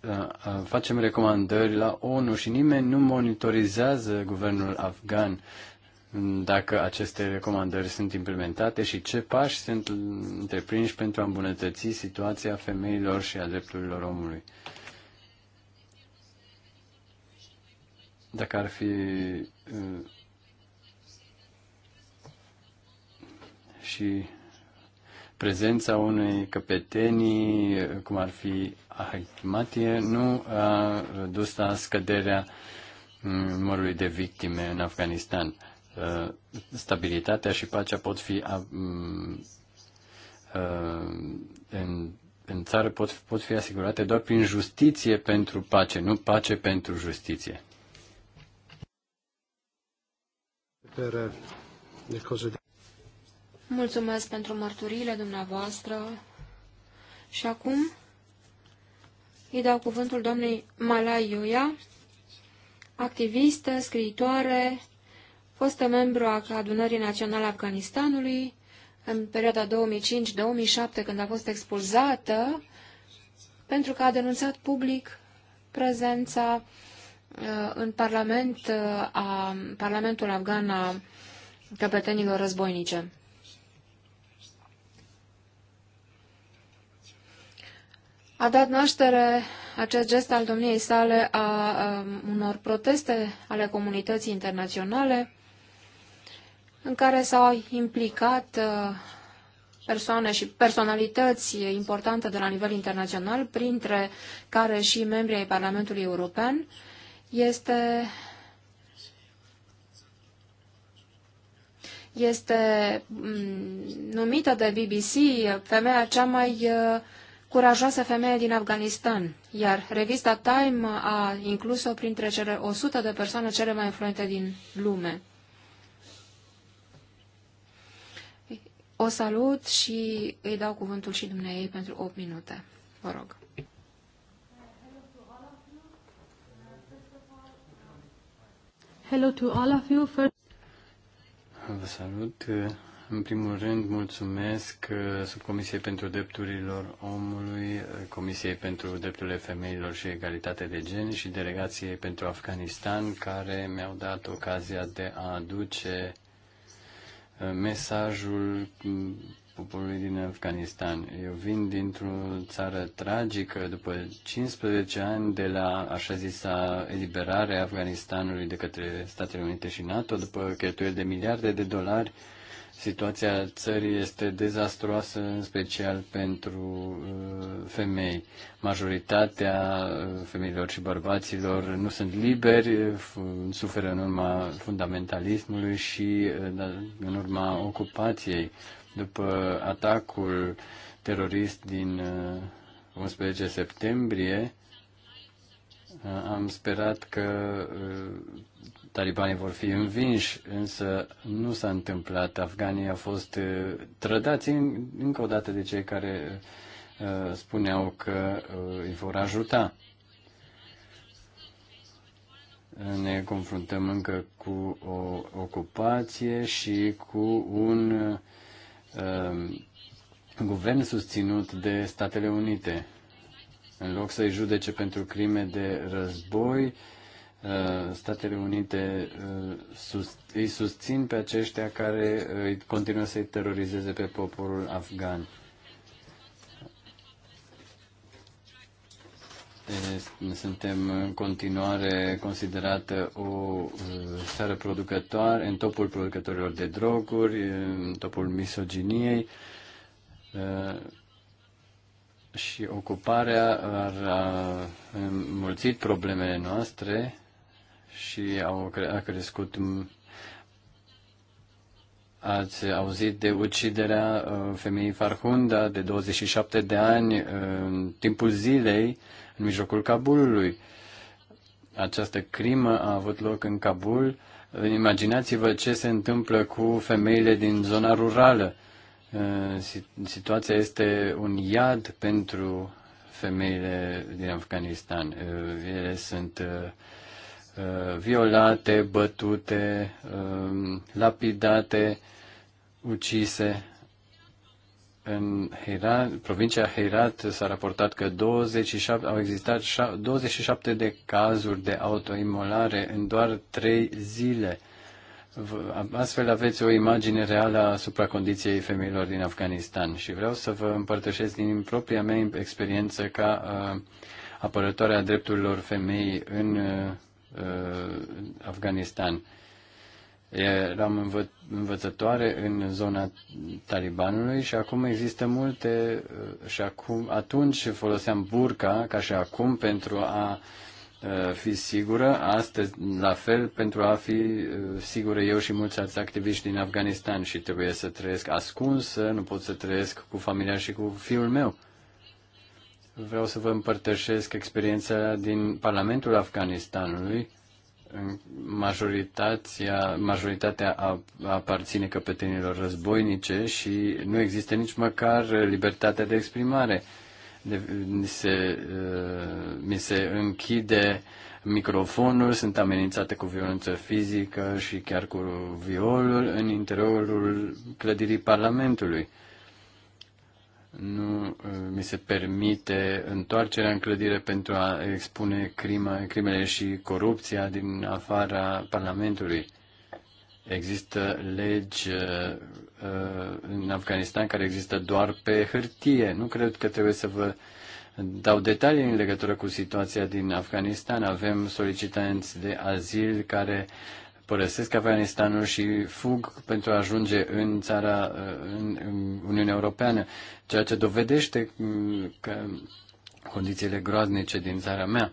Da, facem recomandări la ONU și nimeni nu monitorizează guvernul afgan dacă aceste recomandări sunt implementate și ce pași sunt întreprinși pentru a îmbunătăți situația femeilor și a drepturilor omului. Dacă ar fi uh, și prezența unei căpetenii, cum ar fi Ahimatie, nu a dus la scăderea mm, numărului de victime în Afganistan. Uh, stabilitatea și pacea pot fi mm, uh, în, în țară pot, pot fi asigurate doar prin justiție pentru pace, nu pace pentru justiție. Per eh, le cose Mulțumesc pentru mărturiile dumneavoastră. Și acum îi dau cuvântul doamnei Malai Ioia, activistă, scriitoare, fostă membru a Adunării Naționale Afganistanului în perioada 2005-2007, când a fost expulzată, pentru că a denunțat public prezența uh, în Parlament, uh, a, Parlamentul Afgan a căpetenilor războinice. a dat naștere acest gest al domniei sale a, a unor proteste ale comunității internaționale în care s-au implicat a, persoane și personalități importante de la nivel internațional, printre care și membrii ai Parlamentului European, este, este numită de BBC femeia cea mai uh, curajoasă femeie din Afganistan, iar revista Time a inclus-o printre cele 100 de persoane cele mai influente din lume. O salut și îi dau cuvântul și dumneei pentru 8 minute. Vă rog. Hello to all of you. First... Vă salut. În primul rând, mulțumesc uh, Subcomisiei pentru Drepturilor Omului, uh, Comisiei pentru Drepturile Femeilor și Egalitate de Gen și Delegației pentru Afganistan, care mi-au dat ocazia de a aduce uh, mesajul mm, poporului din Afganistan. Eu vin dintr-o țară tragică. După 15 ani de la așa zisa eliberare Afganistanului de către Statele Unite și NATO, după cheltuieli de miliarde de dolari, Situația țării este dezastroasă, în special pentru uh, femei. Majoritatea uh, femeilor și bărbaților nu sunt liberi, suferă în urma fundamentalismului și uh, da, în urma ocupației. După atacul terorist din 11 septembrie, am sperat că talibanii vor fi învinși, însă nu s-a întâmplat. Afganii au fost uh, trădați în, încă o dată de cei care uh, spuneau că uh, îi vor ajuta. Ne confruntăm încă cu o ocupație și cu un uh, guvern susținut de Statele Unite. În loc să-i judece pentru crime de război, uh, Uh, Statele Unite uh, îi susțin pe aceștia care uh, continuă să-i terorizeze pe poporul afgan. Suntem în continuare considerată o țară producătoare, în topul producătorilor de droguri, în topul misoginiei și ocuparea ar a înmulțit problemele noastre și au cre- a crescut. Ați auzit de uciderea uh, femeii Farhunda de 27 de ani uh, în timpul zilei în mijlocul Kabulului. Această crimă a avut loc în Kabul. Imaginați-vă ce se întâmplă cu femeile din zona rurală. Uh, situația este un iad pentru femeile din Afganistan. Ele sunt Uh, violate, bătute, um, lapidate, ucise. În Herat, provincia Herat s-a raportat că 27, au existat 27 de cazuri de autoimolare în doar 3 zile. Astfel aveți o imagine reală asupra condiției femeilor din Afganistan și vreau să vă împărtășesc din propria mea experiență ca uh, apărătoare a drepturilor femei în uh, Uh, Afganistan. Eram învă- învățătoare în zona Talibanului și acum există multe uh, și acum atunci foloseam burca ca și acum pentru a uh, fi sigură, astăzi la fel pentru a fi sigură eu și mulți alți activiști din Afganistan și trebuie să trăiesc ascunsă, nu pot să trăiesc cu familia și cu fiul meu. Vreau să vă împărtășesc experiența din Parlamentul Afganistanului. Majoritatea, majoritatea aparține căpetenilor războinice și nu există nici măcar libertatea de exprimare. De, mi, se, uh, mi se închide microfonul, sunt amenințate cu violență fizică și chiar cu violul în interiorul clădirii Parlamentului nu uh, mi se permite întoarcerea în clădire pentru a expune crima, crimele și corupția din afara Parlamentului. Există legi uh, uh, în Afganistan care există doar pe hârtie. Nu cred că trebuie să vă dau detalii în legătură cu situația din Afganistan. Avem solicitanți de azil care părăsesc Afganistanul și fug pentru a ajunge în țara, uh, în Uniunea Europeană, ceea ce dovedește mm, că condițiile groaznice din țara mea.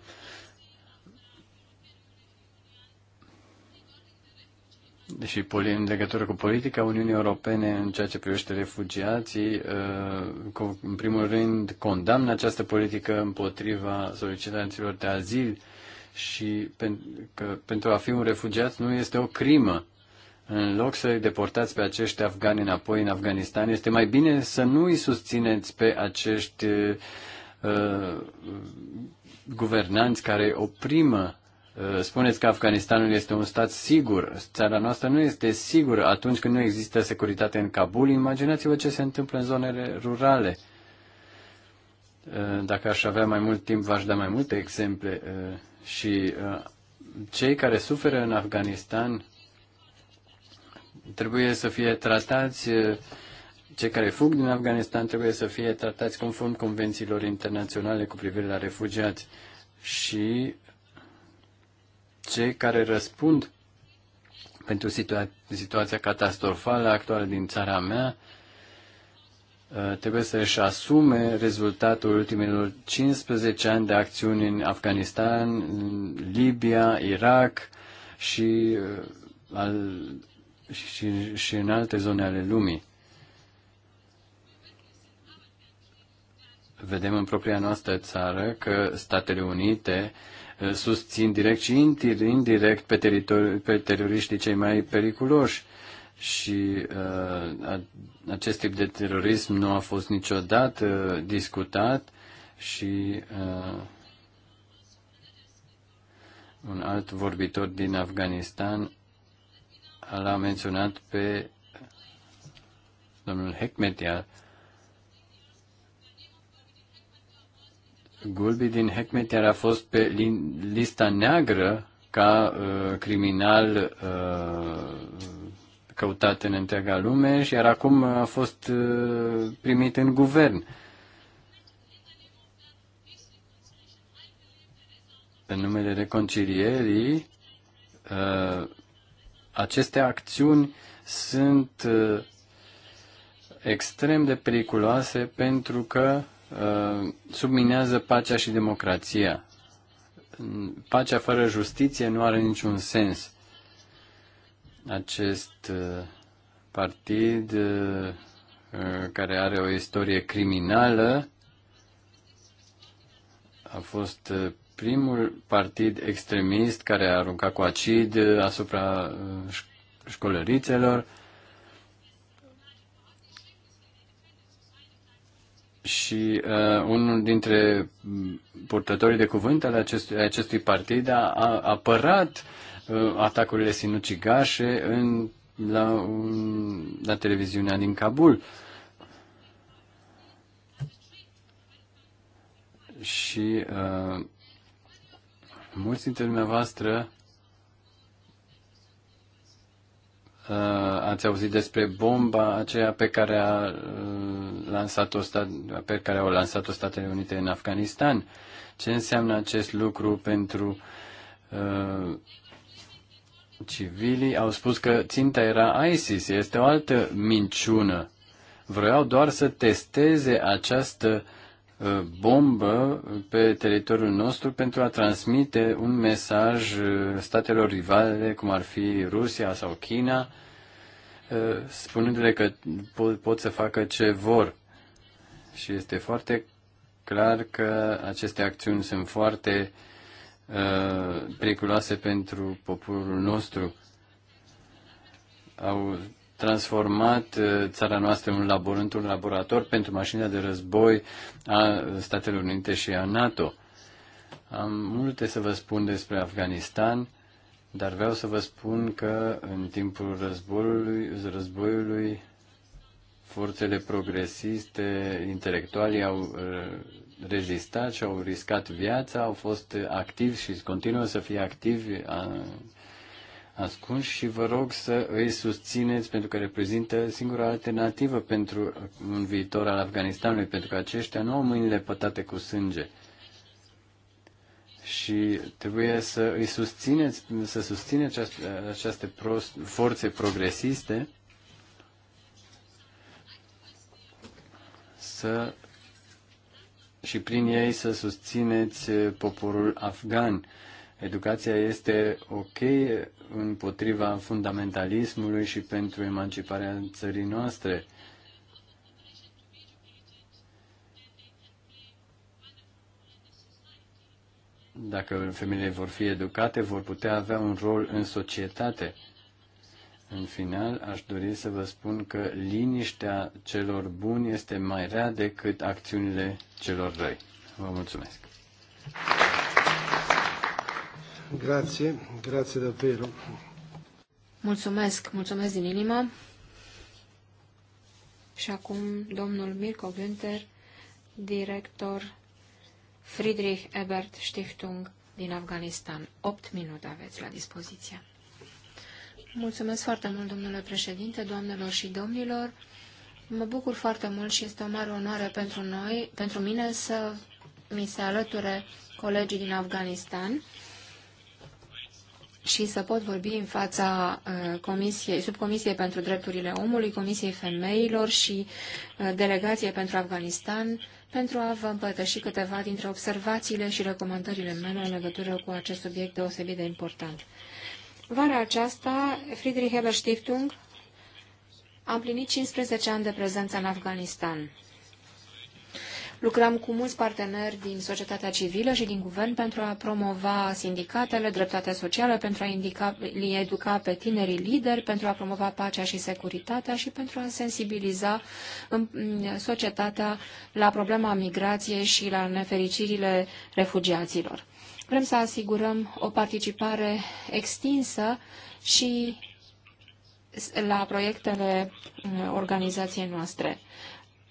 Și în legătură cu politica Uniunii Europene în ceea ce privește refugiații, uh, în primul rând condamnă această politică împotriva solicitanților de azil și că pentru a fi un refugiat nu este o crimă. În loc să-i deportați pe acești afgani înapoi în Afganistan, este mai bine să nu îi susțineți pe acești uh, uh guvernanți care oprimă uh, spuneți că Afganistanul este un stat sigur. Țara noastră nu este sigură atunci când nu există securitate în Kabul. Imaginați-vă ce se întâmplă în zonele rurale. Uh, dacă aș avea mai mult timp, v-aș da mai multe exemple și uh, cei care suferă în Afganistan trebuie să fie tratați, uh, cei care fug din Afganistan trebuie să fie tratați conform convențiilor internaționale cu privire la refugiați și cei care răspund pentru situa- situația catastrofală actuală din țara mea Uh, trebuie să-și asume rezultatul ultimilor 15 ani de acțiuni în Afganistan, în Libia, Irak și, uh, al, și, și în alte zone ale lumii. Vedem în propria noastră țară că Statele Unite uh, susțin direct și indirect pe, pe teroriștii cei mai periculoși și uh, acest tip de terorism nu a fost niciodată uh, discutat și uh, un alt vorbitor din Afganistan l-a menționat pe domnul Hekmetyar. Gulbi din Hekmetyar a fost pe lista neagră ca uh, criminal uh, căutat în întreaga lume, și iar acum a fost uh, primit în guvern. În numele reconcilierii, uh, aceste acțiuni sunt uh, extrem de periculoase pentru că subminează pacea și democrația. Pacea fără justiție nu are niciun sens. Acest uh, partid uh, uh, care are o istorie criminală a fost primul partid extremist care a aruncat cu acid asupra școlărițelor și uh, unul dintre mm, purtătorii de cuvânt al acestui, acestui partid a, a apărat Uh, atacurile sinucigașe în, la, un, la televiziunea din Kabul. Și uh, mulți dintre dumneavoastră uh, ați auzit despre bomba aceea pe care a uh, lansat-o stat, pe care au lansat-o Statele Unite în Afganistan. Ce înseamnă acest lucru pentru uh, Civilii au spus că ținta era ISIS. Este o altă minciună. Vreau doar să testeze această uh, bombă pe teritoriul nostru pentru a transmite un mesaj uh, statelor rivale, cum ar fi Rusia sau China, uh, spunându-le că pot, să facă ce vor. Și este foarte clar că aceste acțiuni sunt foarte uh, Uh, periculoase pentru poporul nostru. Au transformat uh, țara noastră în labor, într-un laborator pentru mașina de război a Statelor Unite și a NATO. Am multe să vă spun despre Afganistan, dar vreau să vă spun că în timpul războiului, războiului forțele progresiste, intelectuali au uh, rezistat și au riscat viața, au fost activi și continuă să fie activi ascunși și vă rog să îi susțineți pentru că reprezintă singura alternativă pentru un viitor al Afganistanului, pentru că aceștia nu au mâinile pătate cu sânge. Și trebuie să îi susțineți, să susțineți aceste forțe progresiste să și prin ei să susțineți poporul afgan. Educația este ok împotriva fundamentalismului și pentru emanciparea țării noastre. Dacă femeile vor fi educate, vor putea avea un rol în societate. În final, aș dori să vă spun că liniștea celor buni este mai rea decât acțiunile celor răi. Vă mulțumesc. Grazie, grazie davvero. Mulțumesc, mulțumesc din inimă. Și acum domnul Mirko Günther, director Friedrich Ebert Stiftung din Afganistan. 8 minute aveți la dispoziție. Mulțumesc foarte mult, domnule președinte, doamnelor și domnilor. Mă bucur foarte mult și este o mare onoare pentru noi, pentru mine să mi se alăture colegii din Afganistan și să pot vorbi în fața uh, comisiei, subcomisiei pentru drepturile omului, comisiei femeilor și uh, delegației pentru Afganistan pentru a vă împărtăși câteva dintre observațiile și recomandările mele în legătură cu acest subiect deosebit de important. Vara aceasta, Friedrich Heber Stiftung a împlinit 15 ani de prezență în Afganistan. Lucram cu mulți parteneri din societatea civilă și din guvern pentru a promova sindicatele, dreptatea socială, pentru a indica, educa pe tinerii lideri, pentru a promova pacea și securitatea și pentru a sensibiliza societatea la problema migrației și la nefericirile refugiaților. Vrem să asigurăm o participare extinsă și la proiectele uh, organizației noastre.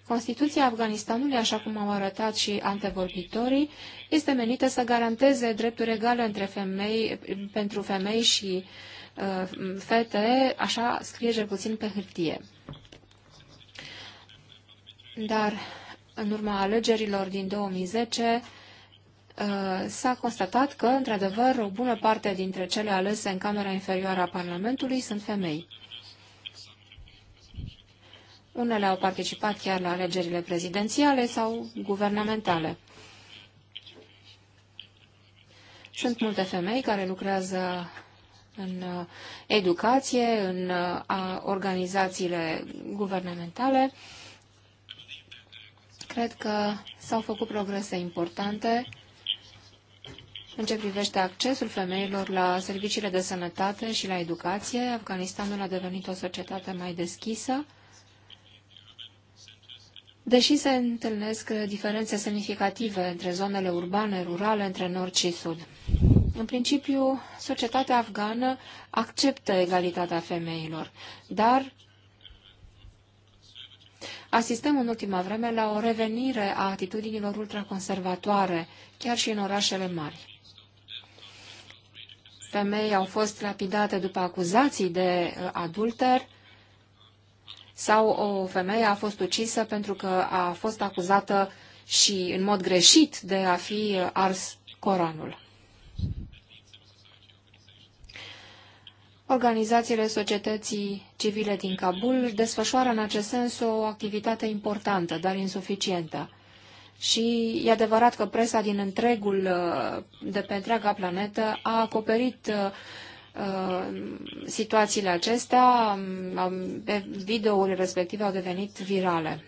Constituția Afganistanului, așa cum au arătat și antevorbitorii, este menită să garanteze drepturi egale între femei, pentru femei și uh, fete, așa scrie cel puțin pe hârtie. Dar în urma alegerilor din 2010, Uh, s-a constatat că, într-adevăr, o bună parte dintre cele alese în Camera Inferioară a Parlamentului sunt femei. Unele au participat chiar la alegerile prezidențiale sau guvernamentale. Sunt multe femei care lucrează în uh, educație, în uh, organizațiile guvernamentale. Cred că s-au făcut progrese importante în ce privește accesul femeilor la serviciile de sănătate și la educație, Afganistanul a devenit o societate mai deschisă, deși se întâlnesc diferențe semnificative între zonele urbane, rurale, între nord și sud. În principiu, societatea afgană acceptă egalitatea femeilor, dar asistăm în ultima vreme la o revenire a atitudinilor ultraconservatoare, chiar și în orașele mari femei au fost lapidate după acuzații de uh, adulter sau o femeie a fost ucisă pentru că a fost acuzată și în mod greșit de a fi uh, ars Coranul. Organizațiile societății civile din Kabul desfășoară în acest sens o activitate importantă, dar insuficientă și e adevărat că presa din întregul, uh, de pe întreaga planetă a acoperit uh, uh, situațiile acestea, um, videourile respective au devenit virale.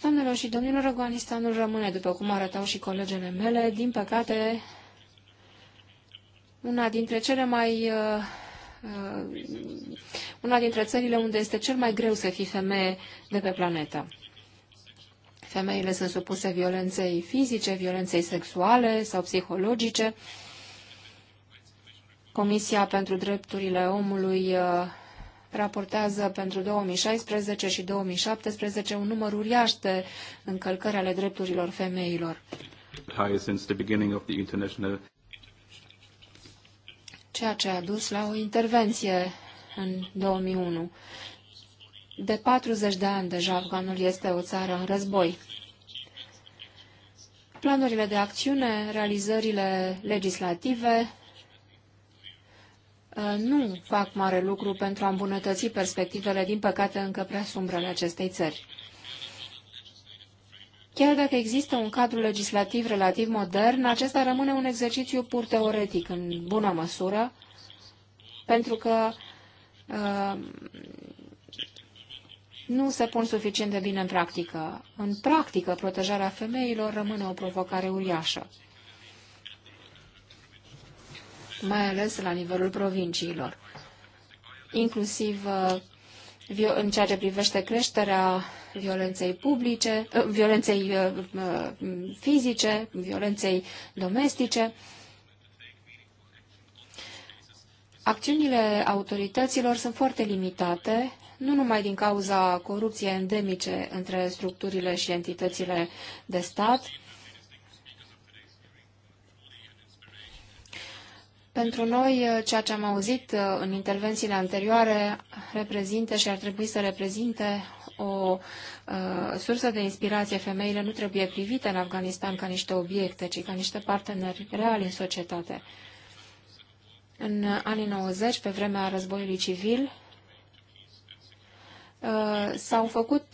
Doamnelor și domnilor, Afganistanul rămâne, după cum arătau și colegele mele, din păcate, una dintre cele mai una dintre țările unde este cel mai greu să fii femeie de pe planetă. Femeile sunt supuse violenței fizice, violenței sexuale sau psihologice. Comisia pentru Drepturile Omului uh, raportează pentru 2016 și 2017 un număr uriaș de încălcări ale drepturilor femeilor. Ceea ce a dus la o intervenție în 2001. De 40 de ani deja Afganul este o țară în război. Planurile de acțiune, realizările legislative uh, nu fac mare lucru pentru a îmbunătăți perspectivele, din păcate, încă prea sumbrele acestei țări. Chiar dacă există un cadru legislativ relativ modern, acesta rămâne un exercițiu pur teoretic, în bună măsură, pentru că uh, nu se pun suficient de bine în practică. În practică, protejarea femeilor rămâne o provocare uriașă, mai ales la nivelul provinciilor, inclusiv uh, în ceea ce privește creșterea violenței publice, uh, violenței uh, fizice, violenței domestice. Acțiunile autorităților sunt foarte limitate nu numai din cauza corupției endemice între structurile și entitățile de stat, Pentru noi, ceea ce am auzit uh, în intervențiile anterioare reprezintă și ar trebui să reprezinte o uh, sursă de inspirație. Femeile nu trebuie privite în Afganistan ca niște obiecte, ci ca niște parteneri reali în societate. În anii 90, pe vremea războiului civil, Uh, s-au făcut,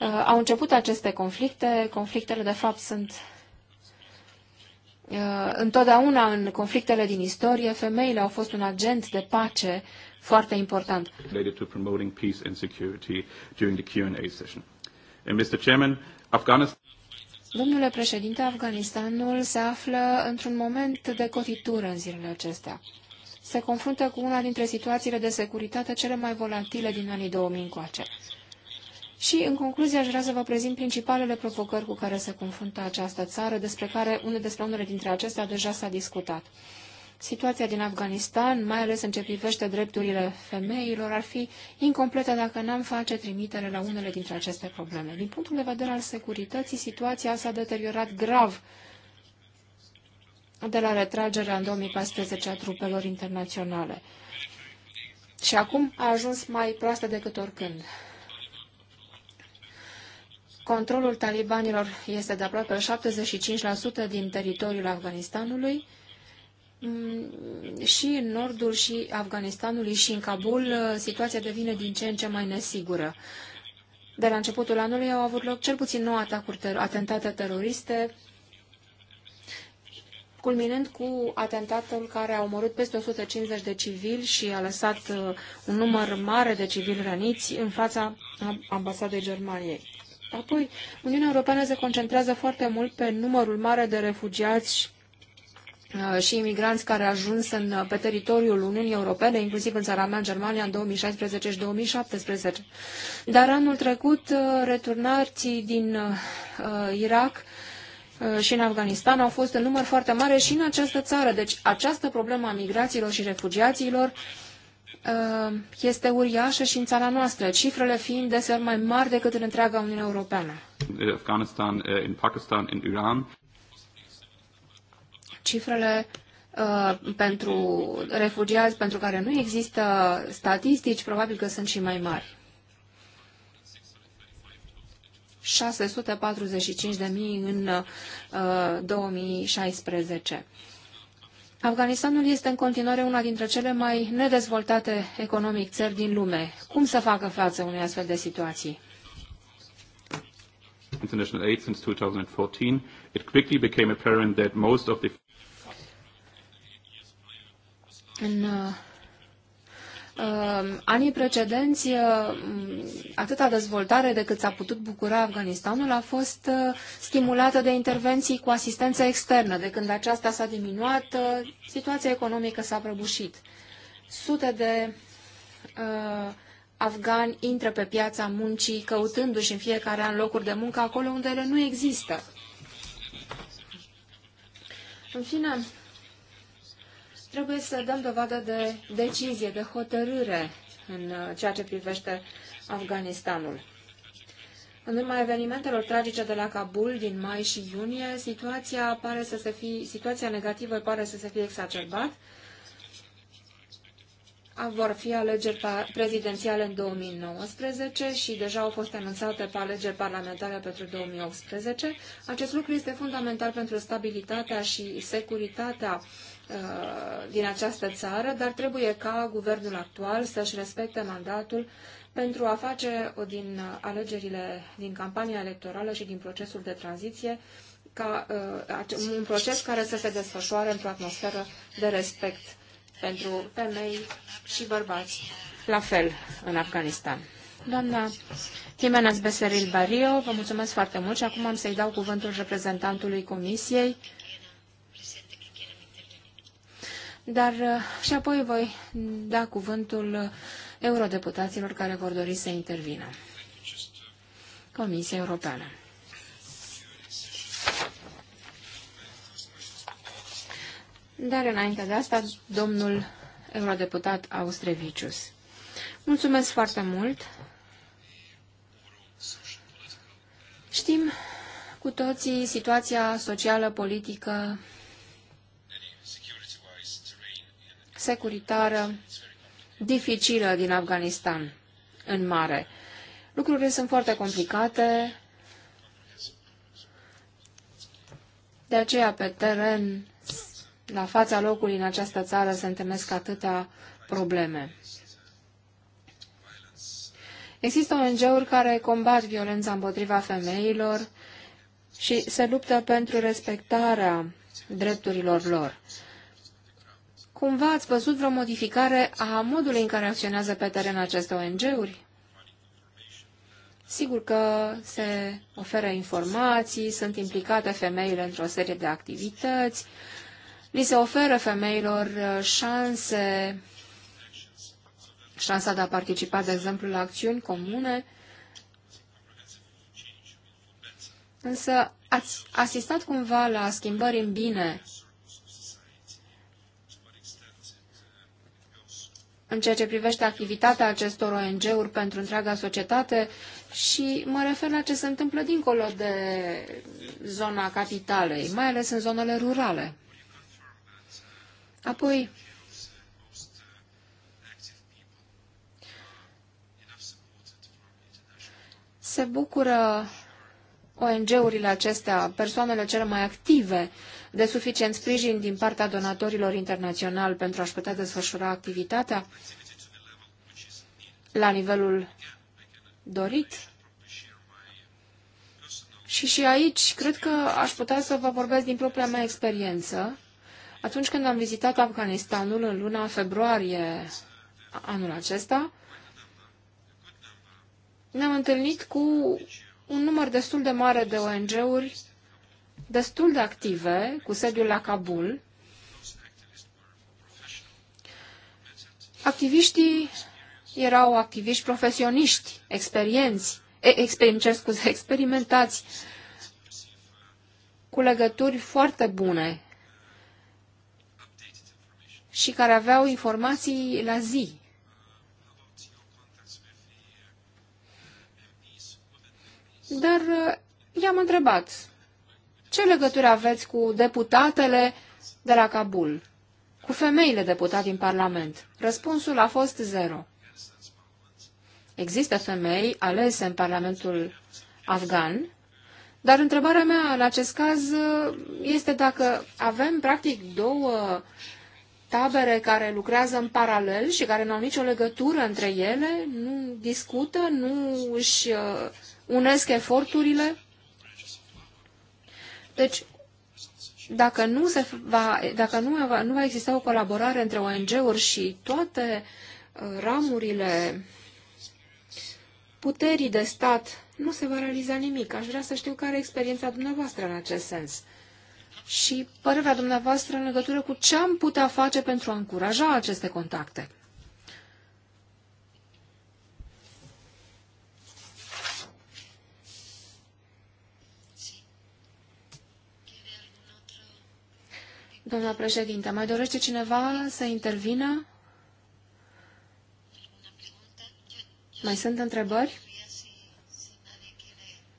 uh, au început aceste conflicte. Conflictele, de fapt, sunt uh, întotdeauna în conflictele din istorie, femeile au fost un agent de pace foarte important. Related to promoting peace and security during the Q&A session. And Mr. Chairman, Afghanistan... Domnule președinte, Afganistanul se află într-un moment de cotitură în zilele acestea se confruntă cu una dintre situațiile de securitate cele mai volatile din anii 2000 încoace. Și, în concluzie, aș vrea să vă prezint principalele provocări cu care se confruntă această țară, despre care unul despre unele dintre acestea deja s-a discutat. Situația din Afganistan, mai ales în ce privește drepturile femeilor, ar fi incompletă dacă n-am face trimitere la unele dintre aceste probleme. Din punctul de vedere al securității, situația s-a deteriorat grav de la retragerea în 2014 a trupelor internaționale. Și acum a ajuns mai proastă decât oricând. Controlul talibanilor este de aproape 75% din teritoriul Afganistanului mm, și în nordul și Afganistanului și în Kabul uh, situația devine din ce în ce mai nesigură. De la începutul anului au avut loc cel puțin 9 atacuri atentate teroriste, culminând cu atentatul care a omorât peste 150 de civili și a lăsat uh, un număr mare de civili răniți în fața ambasadei Germaniei. Apoi, Uniunea Europeană se concentrează foarte mult pe numărul mare de refugiați uh, și imigranți care ajuns în, uh, pe teritoriul Uniunii Europene, inclusiv în țara mea, în Germania, în 2016 și 2017. Dar anul trecut, returnații din uh, Irak Uh, și în Afganistan au fost în număr foarte mare și în această țară. Deci această problemă a migrațiilor și refugiaților uh, este uriașă și în țara noastră, cifrele fiind deseori mai mari decât în întreaga Uniune Europeană. Afganistan, în uh, Pakistan, în Iran. Cifrele uh, pentru refugiați pentru care nu există statistici, probabil că sunt și mai mari. 645.000 în uh, 2016. Afganistanul este în continuare una dintre cele mai nedezvoltate economic țări din lume. Cum să facă față unei astfel de situații? International aid since 2014, it quickly became apparent that most of the în uh, Ehm, anii precedenți, ehm, atâta dezvoltare de cât s-a putut bucura Afganistanul a fost ehm, stimulată de intervenții cu asistență externă. De când aceasta s-a diminuat, situația economică s-a prăbușit. Sute de uh, afgani intră pe piața muncii căutându-și în fiecare an locuri de muncă acolo unde ele nu există. În fine, Trebuie să dăm dovadă de decizie, de hotărâre în uh, ceea ce privește Afganistanul. În urma evenimentelor tragice de la Kabul din mai și iunie, situația, pare să se fi, situația negativă pare să se fie exacerbat. Vor fi alegeri prezidențiale în 2019 și deja au fost anunțate pe alegeri parlamentare pentru 2018. Acest lucru este fundamental pentru stabilitatea și securitatea Uh, din această țară, dar trebuie ca guvernul actual să-și respecte mandatul pentru a face din alegerile, din campania electorală și din procesul de tranziție ca uh, un proces care să se desfășoare într-o atmosferă de respect pentru femei și bărbați. La fel în Afganistan. Doamna Timenas Beseril Barrio, vă mulțumesc foarte mult și acum am să-i dau cuvântul reprezentantului Comisiei dar uh, și apoi voi da cuvântul eurodeputaților care vor dori să intervină. Comisia Europeană. Dar înainte de asta, domnul eurodeputat Austrevicius. Mulțumesc foarte mult. Știm cu toții situația socială, politică securitară dificilă din Afganistan, în mare. Lucrurile sunt foarte complicate, de aceea pe teren, la fața locului în această țară, se întâlnesc atâtea probleme. Există ONG-uri care combat violența împotriva femeilor și se luptă pentru respectarea drepturilor lor. Cumva ați văzut vreo modificare a modului în care acționează pe teren aceste ONG-uri? Sigur că se oferă informații, sunt implicate femeile într-o serie de activități, li se oferă femeilor uh, șanse, șansa de a participa, de exemplu, la acțiuni comune, însă ați asistat cumva la schimbări în bine în ceea ce privește activitatea acestor ONG-uri pentru întreaga societate și mă refer la ce se întâmplă dincolo de zona capitalei, mai ales în zonele rurale. Apoi, se bucură ONG-urile acestea, persoanele cele mai active de suficient sprijin din partea donatorilor internaționali pentru a-și putea desfășura activitatea la nivelul dorit? Și și aici, cred că aș putea să vă vorbesc din propria mea experiență. Atunci când am vizitat Afganistanul în luna februarie anul acesta, ne-am întâlnit cu un număr destul de mare de ONG-uri destul de active, cu sediul la Kabul. Activiștii erau activiști profesioniști, experienți, exper- scuze, experimentați, cu legături foarte bune și care aveau informații la zi. Dar uh, i-am întrebat ce legătură aveți cu deputatele de la Kabul? Cu femeile deputate din Parlament? Răspunsul a fost zero. Există femei alese în Parlamentul afgan, dar întrebarea mea în acest caz uh, este dacă avem practic două tabere care lucrează în paralel și care nu au nicio legătură între ele, nu discută, nu își uh, unesc eforturile. Deci, dacă nu, se va, dacă nu, va, nu va exista o colaborare între ONG-uri și toate uh, ramurile puterii de stat, nu se va realiza nimic. Aș vrea să știu care e experiența dumneavoastră în acest sens și părerea dumneavoastră în legătură cu ce am putea face pentru a încuraja aceste contacte. Doamna președinte, mai dorește cineva să intervină? Mai sunt întrebări?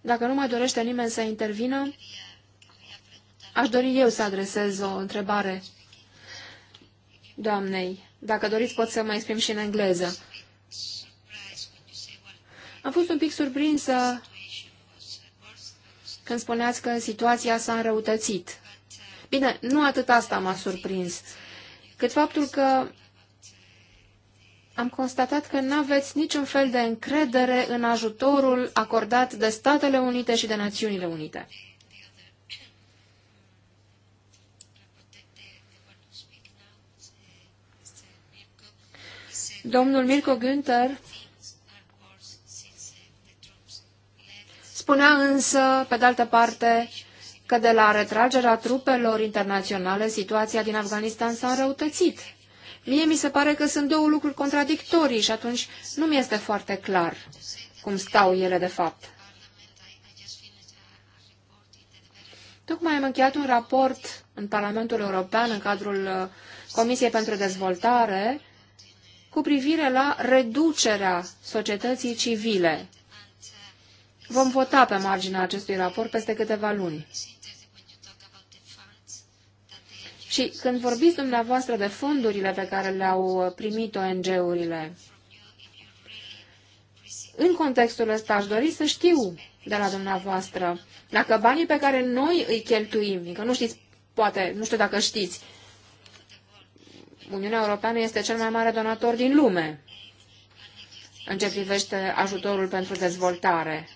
Dacă nu mai dorește nimeni să intervină, aș dori eu să adresez o întrebare. Doamnei, dacă doriți pot să mă exprim și în engleză. Am fost un pic surprinsă când spuneați că situația s-a înrăutățit Bine, nu atât asta m-a surprins, cât faptul că am constatat că nu aveți niciun fel de încredere în ajutorul acordat de Statele Unite și de Națiunile Unite. Domnul Mirko Günther spunea însă, pe de altă parte, că de la retragerea trupelor internaționale situația din Afganistan s-a înrăutățit. Mie mi se pare că sunt două lucruri contradictorii și atunci nu mi este foarte clar cum stau ele de fapt. Tocmai am încheiat un raport în Parlamentul European, în cadrul uh, Comisiei pentru Dezvoltare, cu privire la reducerea societății civile. Vom vota pe marginea acestui raport peste câteva luni. Și când vorbiți dumneavoastră de fondurile pe care le-au primit ONG-urile, în contextul ăsta aș dori să știu de la dumneavoastră dacă banii pe care noi îi cheltuim, că adică nu știți, poate, nu știu dacă știți, Uniunea Europeană este cel mai mare donator din lume în ce privește ajutorul pentru dezvoltare.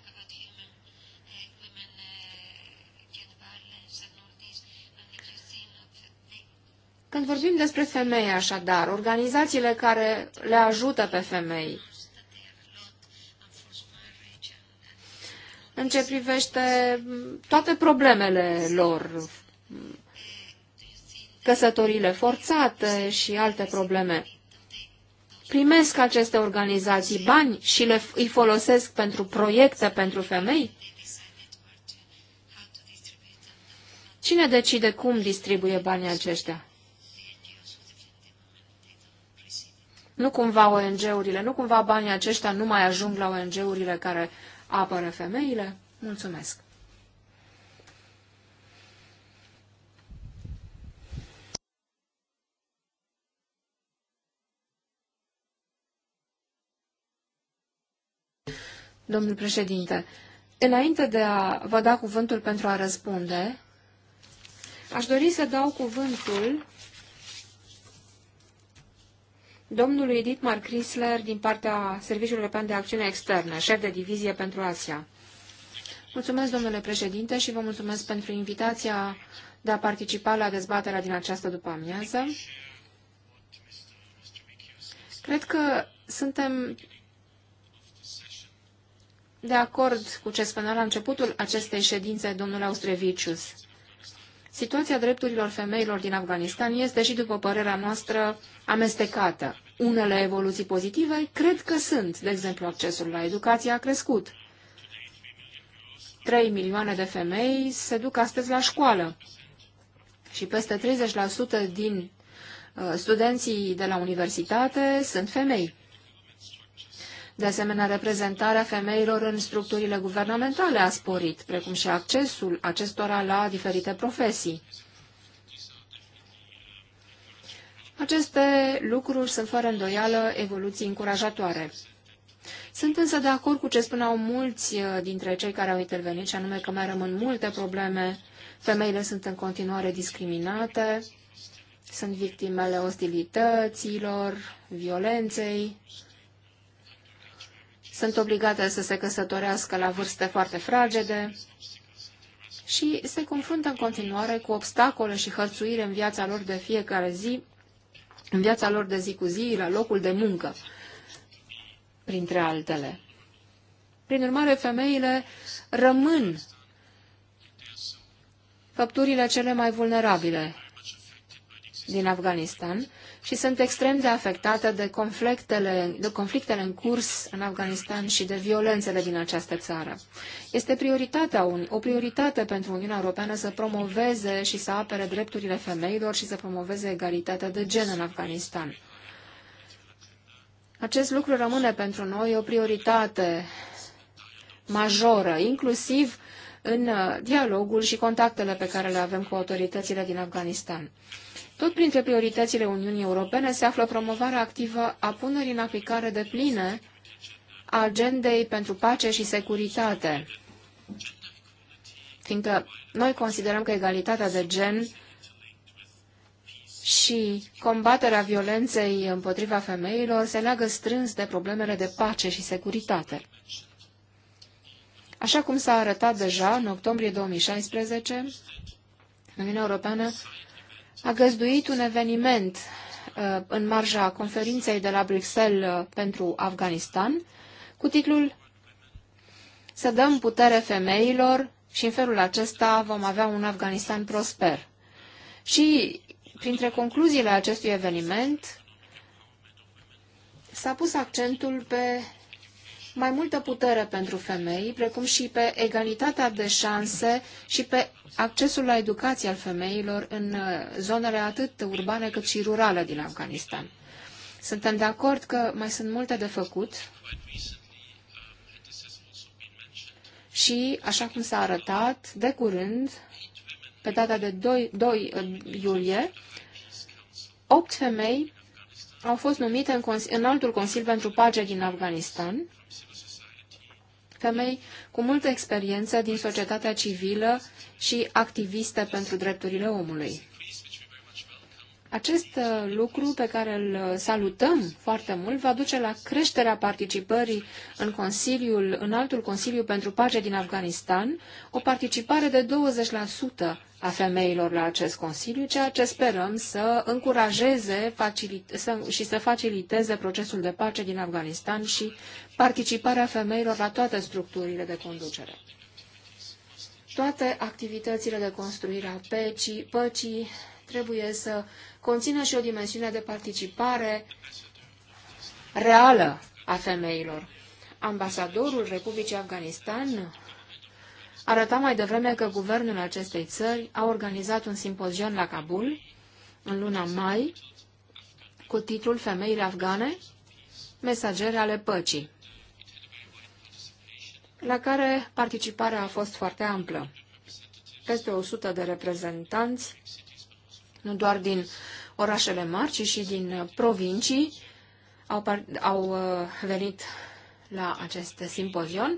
Când vorbim despre femei, așadar, organizațiile care le ajută pe femei, în ce privește toate problemele lor, căsătorile forțate și alte probleme. Primesc aceste organizații bani și le, îi folosesc pentru proiecte pentru femei? Cine decide cum distribuie banii aceștia? Nu cumva ONG-urile, nu cumva banii aceștia nu mai ajung la ONG-urile care apără femeile? Mulțumesc! Domnul președinte, înainte de a vă da cuvântul pentru a răspunde, aș dori să dau cuvântul domnului Dietmar Chrysler din partea Serviciului European de Acțiune Externă, șef de divizie pentru Asia. Mulțumesc, domnule președinte, și vă mulțumesc pentru invitația de a participa la dezbaterea din această după-amiază. Cred că suntem de acord cu ce spunea la începutul acestei ședințe domnul Austrevicius. Situația drepturilor femeilor din Afganistan este și, după părerea noastră, amestecată. Unele evoluții pozitive cred că sunt. De exemplu, accesul la educație a crescut. 3 milioane de femei se duc astăzi la școală și peste 30% din uh, studenții de la universitate sunt femei. De asemenea, reprezentarea femeilor în structurile guvernamentale a sporit, precum și accesul acestora la diferite profesii. Aceste lucruri sunt fără îndoială evoluții încurajatoare. Sunt însă de acord cu ce spuneau mulți uh, dintre cei care au intervenit, și anume că mai rămân multe probleme. Femeile sunt în continuare discriminate, sunt victimele ostilităților, violenței, sunt obligate să se căsătorească la vârste foarte fragede și se confruntă în continuare cu obstacole și hărțuire în viața lor de fiecare zi, în viața lor de zi cu zi, la locul de muncă, printre altele. Prin urmare, femeile rămân făpturile cele mai vulnerabile din Afganistan și sunt extrem de afectată de conflictele, de conflictele în curs în Afganistan și de violențele din această țară. Este prioritatea, o prioritate pentru Uniunea Europeană să promoveze și să apere drepturile femeilor și să promoveze egalitatea de gen în Afganistan. Acest lucru rămâne pentru noi o prioritate majoră, inclusiv în uh, dialogul și contactele pe care le avem cu autoritățile din Afganistan. Tot printre prioritățile Uniunii Europene se află promovarea activă a punerii în aplicare de pline a agendei pentru pace și securitate, fiindcă noi considerăm că egalitatea de gen și combaterea violenței împotriva femeilor se leagă strâns de problemele de pace și securitate. Așa cum s-a arătat deja în octombrie 2016, Uniunea Europeană a găzduit un eveniment uh, în marja conferinței de la Bruxelles uh, pentru Afganistan cu titlul Să dăm putere femeilor și în felul acesta vom avea un Afganistan prosper. Și printre concluziile acestui eveniment s-a pus accentul pe mai multă putere pentru femei, precum și pe egalitatea de șanse și pe accesul la educație al femeilor în uh, zonele atât urbane cât și rurale din Afganistan. Suntem de acord că mai sunt multe de făcut și, așa cum s-a arătat, de curând, pe data de 2, 2 uh, iulie, 8 femei au fost numite în, în altul Consiliu pentru Pace din Afganistan, femei cu multă experiență din societatea civilă și activiste pentru drepturile omului. Acest uh, lucru pe care îl uh, salutăm foarte mult va duce la creșterea participării în, Consiliul, în altul Consiliu pentru Pace din Afganistan, o participare de 20% a femeilor la acest Consiliu, ceea ce sperăm să încurajeze să, și să faciliteze procesul de pace din Afganistan și participarea femeilor la toate structurile de conducere. Toate activitățile de construire a pecii, păcii trebuie să conțină și o dimensiune de participare reală a femeilor. Ambasadorul Republicii Afganistan arăta mai devreme că guvernul acestei țări a organizat un simpozion la Kabul în luna mai cu titlul Femeile afgane, mesagere ale păcii, la care participarea a fost foarte amplă. Peste 100 de reprezentanți nu doar din orașele mari, ci și din uh, provincii, au, au uh, venit la acest simpozion.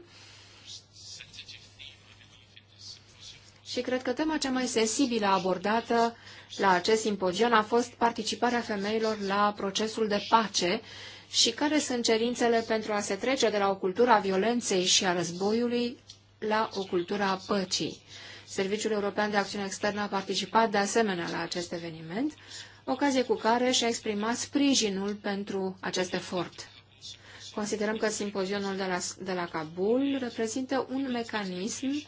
Și cred că tema cea mai sensibilă abordată la acest simpozion a fost participarea femeilor la procesul de pace și care sunt cerințele pentru a se trece de la o cultură a violenței și a războiului la o cultură a păcii. Serviciul European de Acțiune Externă a participat de asemenea la acest eveniment, ocazie cu care și-a exprimat sprijinul pentru acest efort. Considerăm că simpozionul de la, de la Kabul reprezintă un mecanism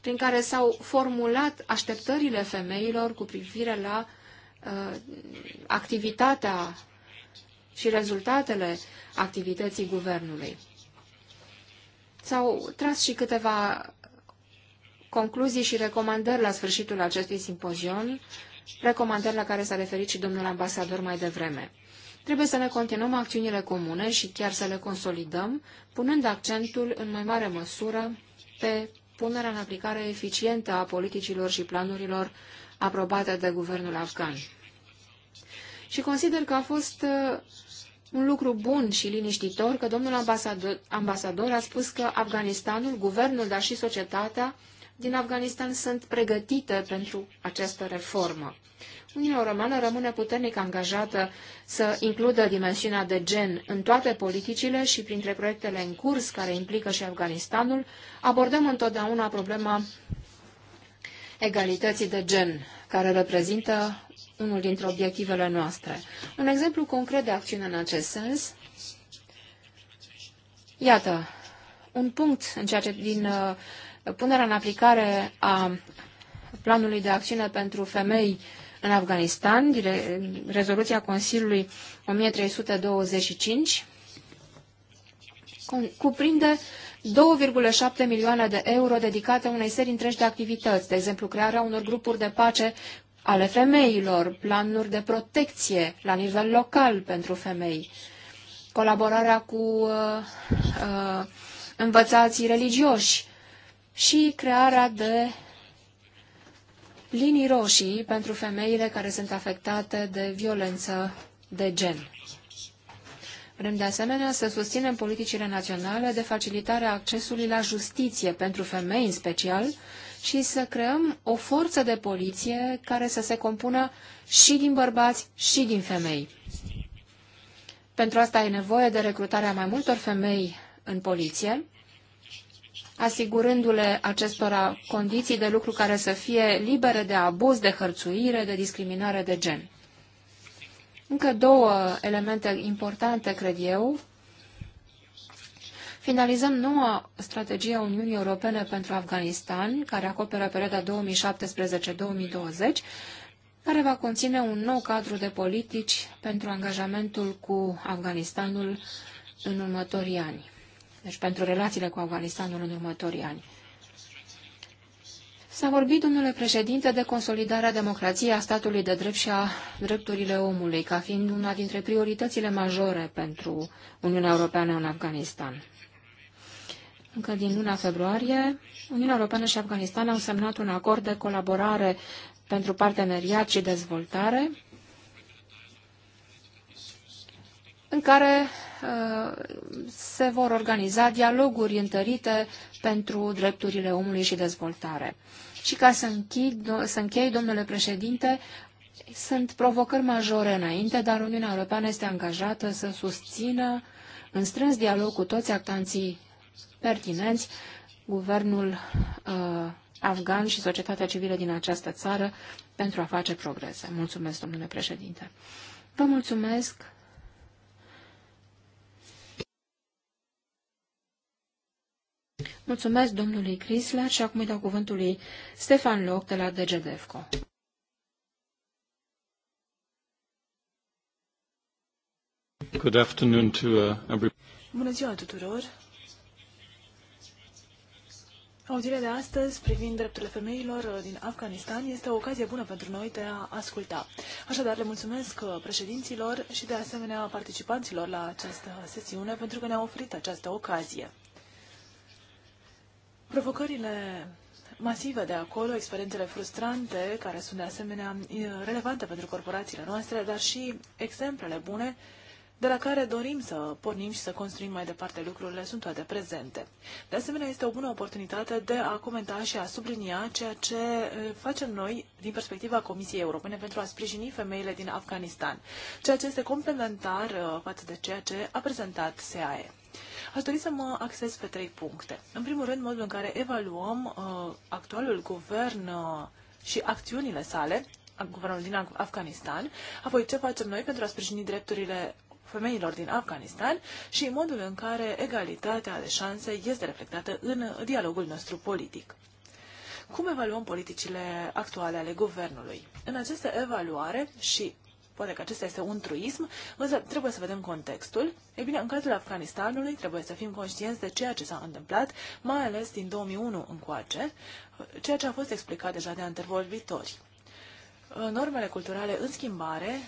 prin care s-au formulat așteptările femeilor cu privire la uh, activitatea și rezultatele activității guvernului. S-au tras și câteva concluzii și recomandări la sfârșitul acestui simpozion, recomandări la care s-a referit și domnul ambasador mai devreme. Trebuie să ne continuăm acțiunile comune și chiar să le consolidăm, punând accentul în mai mare măsură pe punerea în aplicare eficientă a politicilor și planurilor aprobate de guvernul afgan. Și consider că a fost uh, un lucru bun și liniștitor că domnul ambasador, ambasador a spus că Afganistanul, guvernul, dar și societatea din Afganistan sunt pregătite pentru această reformă. Uniunea Europeană rămâne puternic angajată să includă dimensiunea de gen în toate politicile și printre proiectele în curs care implică și Afganistanul, abordăm întotdeauna problema egalității de gen, care reprezintă unul dintre obiectivele noastre. Un exemplu concret de acțiune în acest sens, iată, un punct în ceea ce din uh, punerea în aplicare a planului de acțiune pentru femei în Afganistan, rezoluția Consiliului 1325, cuprinde 2,7 milioane de euro dedicate unei serii întregi de activități, de exemplu crearea unor grupuri de pace ale femeilor, planuri de protecție la nivel local pentru femei, colaborarea cu uh, uh, învățații religioși, și crearea de linii roșii pentru femeile care sunt afectate de violență de gen. Vrem de asemenea să susținem politicile naționale de facilitare a accesului la justiție pentru femei în special și să creăm o forță de poliție care să se compună și din bărbați și din femei. Pentru asta e nevoie de recrutarea mai multor femei în poliție asigurându-le acestora condiții de lucru care să fie libere de abuz, de hărțuire, de discriminare de gen. Încă două elemente importante, cred eu. Finalizăm noua strategie a Uniunii Europene pentru Afganistan, care acoperă perioada 2017-2020, care va conține un nou cadru de politici pentru angajamentul cu Afganistanul în următorii ani deci pentru relațiile cu Afganistanul în următorii ani. S-a vorbit, domnule președinte, de consolidarea democrației, a statului de drept și a drepturile omului, ca fiind una dintre prioritățile majore pentru Uniunea Europeană în Afganistan. Încă din luna februarie, Uniunea Europeană și Afganistan au semnat un acord de colaborare pentru parteneriat și dezvoltare, în care Uh, se vor organiza dialoguri întărite pentru drepturile omului și dezvoltare. Și ca să, închid, să închei, domnule președinte, sunt provocări majore înainte, dar Uniunea Europeană este angajată să susțină în strâns dialog cu toți actanții pertinenți guvernul uh, afgan și societatea civilă din această țară pentru a face progrese. Mulțumesc, domnule președinte. Vă mulțumesc. Mulțumesc domnului Crisler și acum îi dau cuvântul lui Stefan Loc de la DGDFCO. Good afternoon to uh, everybody. Bună ziua tuturor! Audierea de astăzi privind drepturile femeilor uh, din Afganistan este o ocazie bună pentru noi de a asculta. Așadar, le mulțumesc uh, președinților și de asemenea participanților la această sesiune pentru că ne-au oferit această ocazie. Provocările masive de acolo, experiențele frustrante, care sunt de asemenea relevante pentru corporațiile noastre, dar și exemplele bune de la care dorim să pornim și să construim mai departe lucrurile, sunt toate prezente. De asemenea, este o bună oportunitate de a comenta și a sublinia ceea ce facem noi din perspectiva Comisiei Europene pentru a sprijini femeile din Afganistan, ceea ce este complementar față de ceea ce a prezentat SEAE. Aș dori să mă acces pe trei puncte. În primul rând, modul în care evaluăm uh, actualul guvern uh, și acțiunile sale, guvernul din Afganistan, apoi ce facem noi pentru a sprijini drepturile femeilor din Afganistan și modul în care egalitatea de șanse este reflectată în dialogul nostru politic. Cum evaluăm politicile actuale ale guvernului? În aceste evaluare și Poate că acesta este un truism, însă trebuie să vedem contextul. Ei bine, în cazul Afganistanului trebuie să fim conștienți de ceea ce s-a întâmplat, mai ales din 2001 încoace, ceea ce a fost explicat deja de antervorbitori. Normele culturale în schimbare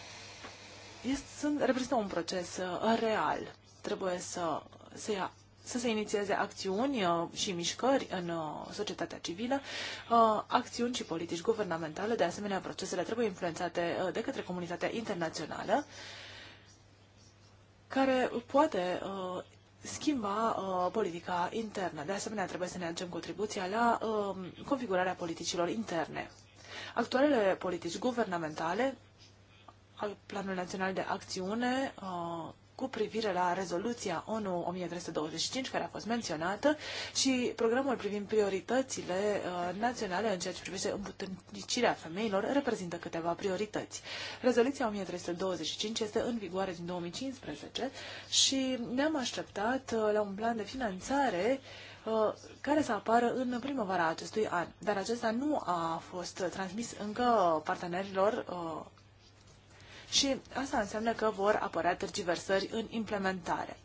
este, sunt, reprezintă un proces uh, real. Trebuie să se ia să se inițieze acțiuni uh, și mișcări în uh, societatea civilă, uh, acțiuni și politici guvernamentale. De asemenea, procesele trebuie influențate de către comunitatea internațională, care poate schimba politica internă. De asemenea, trebuie să ne aducem contribuția la um, configurarea politicilor interne. Actualele politici guvernamentale, Planului Național de Acțiune, cu privire la rezoluția ONU 1325 care a fost menționată și programul privind prioritățile uh, naționale în ceea ce privește îmbuternicirea femeilor reprezintă câteva priorități. Rezoluția 1325 este în vigoare din 2015 și ne-am așteptat uh, la un plan de finanțare uh, care să apară în primăvara acestui an. Dar acesta nu a fost transmis încă partenerilor și asta înseamnă că vor apărea tergiversări în implementare.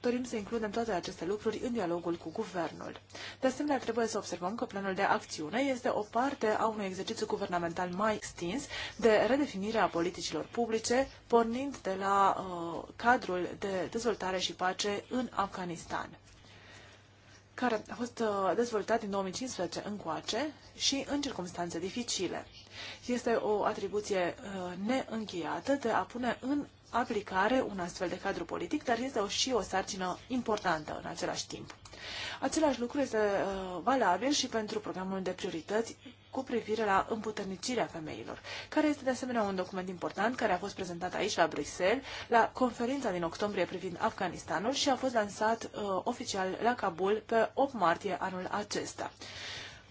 Dorim să includem toate aceste lucruri în dialogul cu guvernul. De asemenea, trebuie să observăm că planul de acțiune este o parte a unui exercițiu guvernamental mai extins de redefinire a politicilor publice, pornind de la uh, cadrul de dezvoltare și pace în Afganistan care a fost uh, dezvoltat din 2015 încoace și în circunstanțe dificile. Este o atribuție uh, neîncheiată de a pune în aplicare un astfel de cadru politic, dar este o, și o sarcină importantă în același timp. Același lucru este uh, valabil și pentru programul de priorități cu privire la împuternicirea femeilor, care este de asemenea un document important care a fost prezentat aici la Bruxelles la conferința din octombrie privind Afganistanul și a fost lansat uh, oficial la Kabul pe 8 martie anul acesta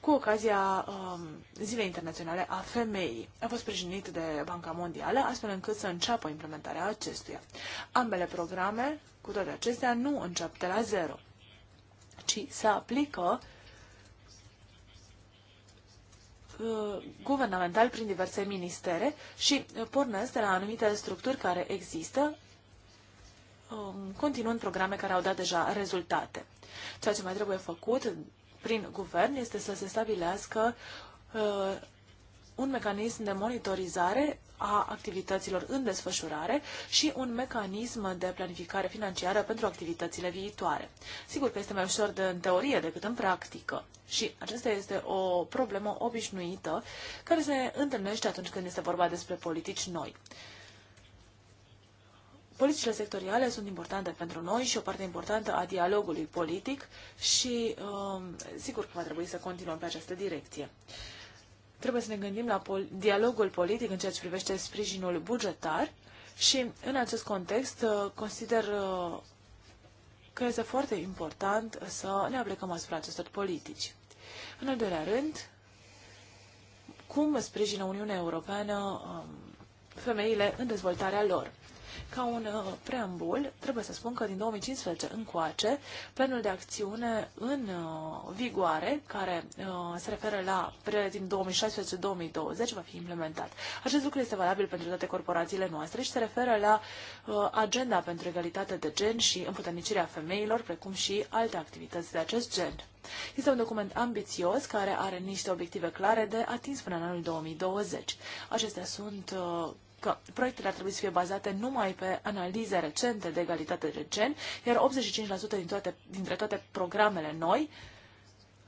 cu ocazia um, Zilei Internaționale a Femeii. A fost sprijinit de Banca Mondială, astfel încât să înceapă implementarea acestuia. Ambele programe, cu toate acestea, nu încep de la zero, ci se aplică uh, guvernamental prin diverse ministere și pornesc de la anumite structuri care există, um, continuând programe care au dat deja rezultate. Ceea ce mai trebuie făcut prin guvern este să se stabilească uh, un mecanism de monitorizare a activităților în desfășurare și un mecanism de planificare financiară pentru activitățile viitoare. Sigur că este mai ușor de în teorie decât în practică și aceasta este o problemă obișnuită care se întâlnește atunci când este vorba despre politici noi. Politicile sectoriale sunt importante pentru noi și o parte importantă a dialogului politic și um, sigur că va trebui să continuăm pe această direcție. Trebuie să ne gândim la pol- dialogul politic în ceea ce privește sprijinul bugetar și în acest context uh, consider uh, că este foarte important să ne aplicăm asupra acestor politici. În al doilea rând, cum sprijină Uniunea Europeană um, femeile în dezvoltarea lor? Ca un uh, preambul, trebuie să spun că din 2015 încoace, planul de acțiune în uh, vigoare, care uh, se referă la perioada din 2016-2020, va fi implementat. Acest lucru este valabil pentru toate corporațiile noastre și se referă la agenda pentru egalitate de gen și împuternicirea femeilor, precum și alte activități de acest gen. Este un document ambițios care are niște obiective clare de atins până în anul 2020. Acestea sunt uh, că proiectele ar trebui să fie bazate numai pe analize recente de egalitate de gen, iar 85% din toate, dintre toate programele noi,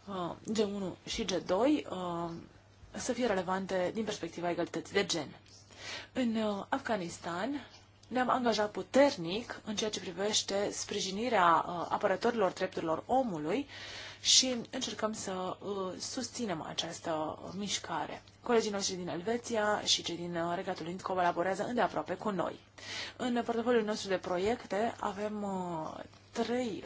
uh, G1 și G2, uh, să fie relevante din perspectiva egalității de gen. În uh, Afganistan ne-am angajat puternic în ceea ce privește sprijinirea apărătorilor drepturilor omului, și încercăm să uh, susținem această mișcare. Colegii noștri din Elveția și cei din uh, Regatul Unit colaborează îndeaproape cu noi. În portofoliul nostru de proiecte avem uh, trei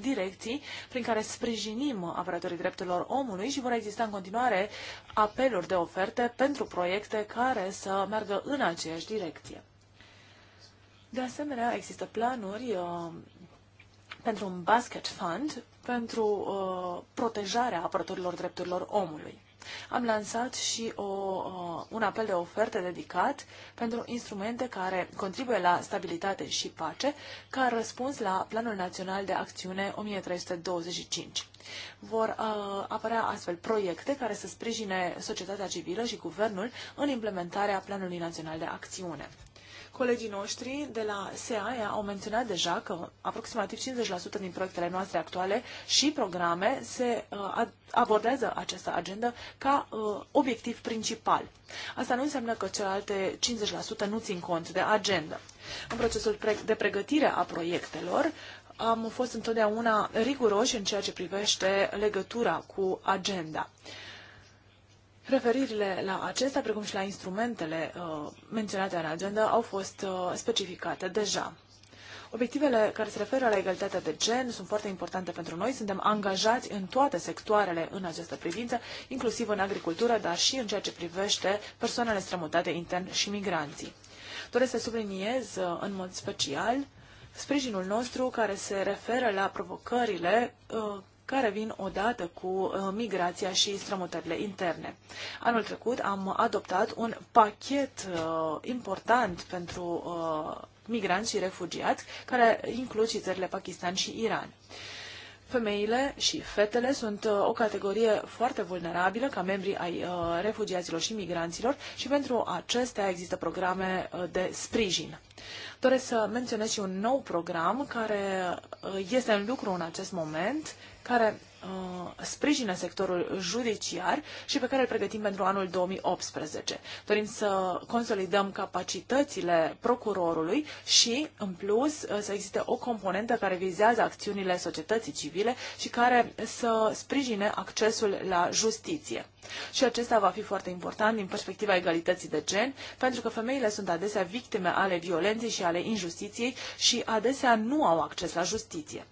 direcții prin care sprijinim apărătorii drepturilor omului și vor exista în continuare apeluri de oferte pentru proiecte care să meargă în aceeași direcție. De asemenea, există planuri uh, pentru un basket fund pentru uh, protejarea apărătorilor drepturilor omului. Am lansat și o, uh, un apel de oferte dedicat pentru instrumente care contribuie la stabilitate și pace, ca răspuns la Planul Național de Acțiune 1325. Vor uh, apărea astfel proiecte care să sprijine societatea civilă și guvernul în implementarea Planului Național de Acțiune. Colegii noștri de la SEA au menționat deja că aproximativ 50% din proiectele noastre actuale și programe se uh, abordează această agendă ca uh, obiectiv principal. Asta nu înseamnă că celelalte 50% nu țin cont de agendă. În procesul de pregătire a proiectelor, am fost întotdeauna riguroși în ceea ce privește legătura cu agenda. Uh, Referirile la acesta, precum și la instrumentele uh, menționate în agenda, au fost uh, specificate deja. Obiectivele care se referă la egalitatea de gen sunt foarte importante pentru noi. Suntem angajați în toate sectoarele în această privință, inclusiv în agricultură, dar și în ceea ce privește persoanele strămutate intern și migranții. Doresc să subliniez uh, în mod special sprijinul nostru care se referă la provocările uh, care vin odată cu uh, migrația și strămutările interne. Anul trecut am adoptat un pachet uh, important pentru uh, migranți și refugiați, care includ și țările Pakistan și Iran. Femeile și fetele sunt o categorie foarte vulnerabilă ca membri ai refugiaților și migranților și pentru acestea există programe de sprijin. Doresc să menționez și un nou program care este în lucru în acest moment care uh, sprijină sectorul judiciar și pe care îl pregătim pentru anul 2018. Dorim să consolidăm capacitățile procurorului și, în plus, uh, să existe o componentă care vizează acțiunile societății civile și care să sprijine accesul la justiție. Și acesta va fi foarte important din perspectiva egalității de gen, pentru că femeile sunt adesea victime ale violenței și ale injustiției și adesea nu au acces la justiție.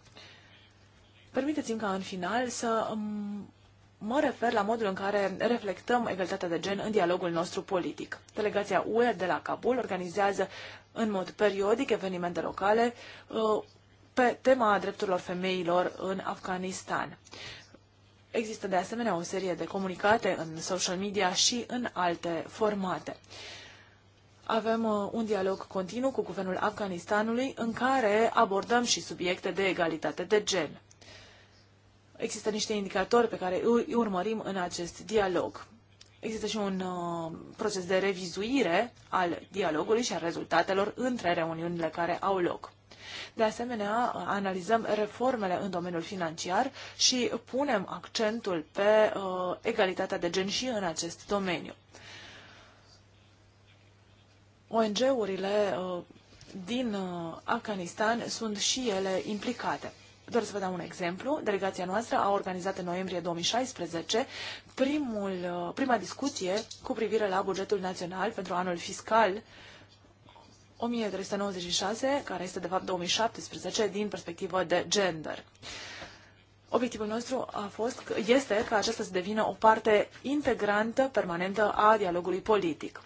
Permiteți-mi ca în final să um, mă refer la modul în care reflectăm egalitatea de gen în dialogul nostru politic. Delegația UE de la Kabul organizează în mod periodic evenimente locale uh, pe tema drepturilor femeilor în Afganistan. Există de asemenea o serie de comunicate în social media și în alte formate. Avem uh, un dialog continuu cu Guvernul Afganistanului în care abordăm și subiecte de egalitate de gen. Există niște indicatori pe care îi urmărim în acest dialog. Există și un uh, proces de revizuire al dialogului și a rezultatelor între reuniunile care au loc. De asemenea, analizăm reformele în domeniul financiar și punem accentul pe uh, egalitatea de gen și în acest domeniu. ONG-urile uh, din uh, Afganistan sunt și ele implicate. Doar să vă dau un exemplu. Delegația noastră a organizat în noiembrie 2016 primul, uh, prima discuție cu privire la bugetul național pentru anul fiscal 1396, care este de fapt 2017, din perspectivă de gender. Obiectivul nostru a fost, este ca acesta să devină o parte integrantă, permanentă a dialogului politic.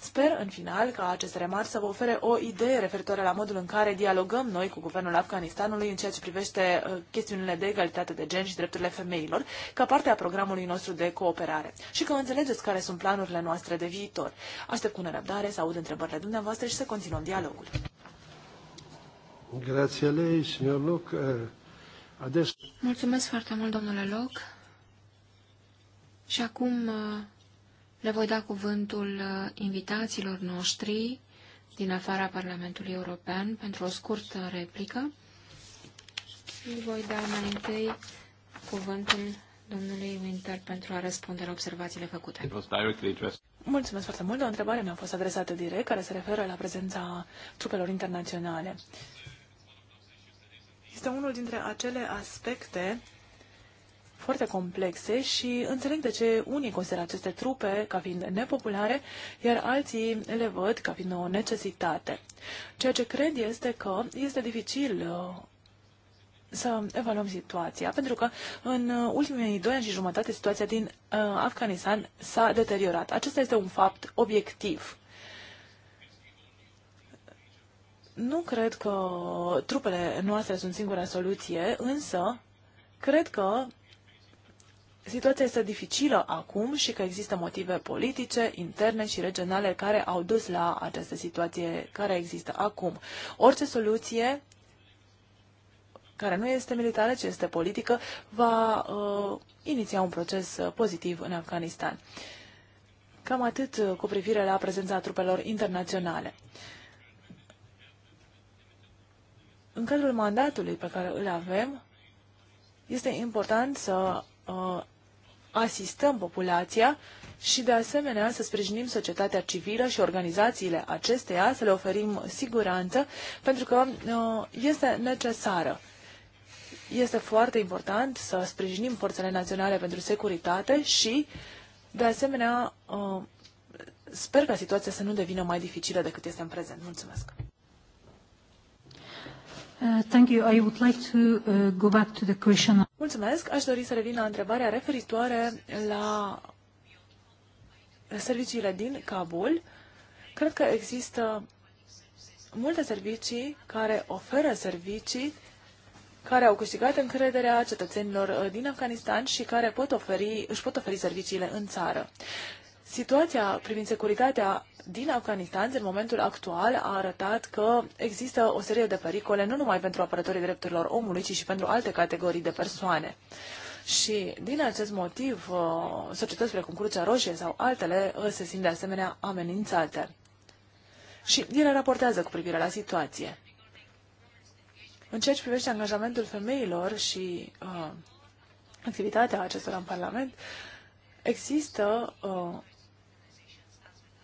Sper, în final, ca acest remar să vă ofere o idee referitoare la modul în care dialogăm noi cu Guvernul Afganistanului în ceea ce privește uh, chestiunile de egalitate de gen și drepturile femeilor, ca parte a programului nostru de cooperare și că înțelegeți care sunt planurile noastre de viitor. Aștept cu nerăbdare să aud întrebările dumneavoastră și să continuăm dialogul. Grazie a lei, signor Luc. Uh, Ades. Mulțumesc foarte mult, domnule Loc. Și acum uh, le voi da cuvântul uh, invitațiilor noștri din afara Parlamentului European pentru o scurtă replică. Și voi da mai întâi cuvântul domnului Winter pentru a răspunde la observațiile făcute. Mulțumesc foarte mult. O întrebare mi-a fost adresată direct, care se referă la prezența trupelor internaționale este unul dintre acele aspecte foarte complexe și înțeleg de ce unii consideră aceste trupe ca fiind nepopulare, iar alții le văd ca fiind o necesitate. Ceea ce cred este că este dificil uh, să evaluăm situația, pentru că în uh, ultimii doi ani și jumătate situația din uh, Afganistan s-a deteriorat. Acesta este un fapt obiectiv. Nu cred că trupele noastre sunt singura soluție, însă cred că situația este dificilă acum și că există motive politice, interne și regionale care au dus la această situație care există acum. Orice soluție care nu este militară, ci este politică, va uh, iniția un proces uh, pozitiv în Afganistan. Cam atât uh, cu privire la prezența trupelor internaționale. Uh, în cadrul mandatului pe care îl avem, este important să uh, asistăm populația și, de asemenea, să sprijinim societatea civilă și organizațiile acesteia, să le oferim siguranță, pentru că uh, este necesară. Este foarte important să sprijinim forțele naționale pentru securitate și, de asemenea, uh, sper ca situația să nu devină mai dificilă decât este în prezent. Mulțumesc! Uh, thank you. I would like to uh, go back to the question. Mulțumesc. Aș dori să revin la întrebarea referitoare la serviciile din Kabul. Cred că există multe servicii care oferă servicii care au câștigat încrederea cetățenilor uh, din Afganistan și care pot oferi, își pot oferi serviciile în țară. Situația privind securitatea din Afganistan, în momentul actual, a arătat că există o serie de pericole, nu numai pentru apărătorii drepturilor omului, ci și pentru alte categorii de persoane. Și din acest motiv, uh, societăți precum Crucea Roșie sau altele uh, se simt de asemenea amenințate. Și ele raportează cu privire la situație. În ceea ce privește angajamentul femeilor și uh, activitatea acestora în Parlament, există uh,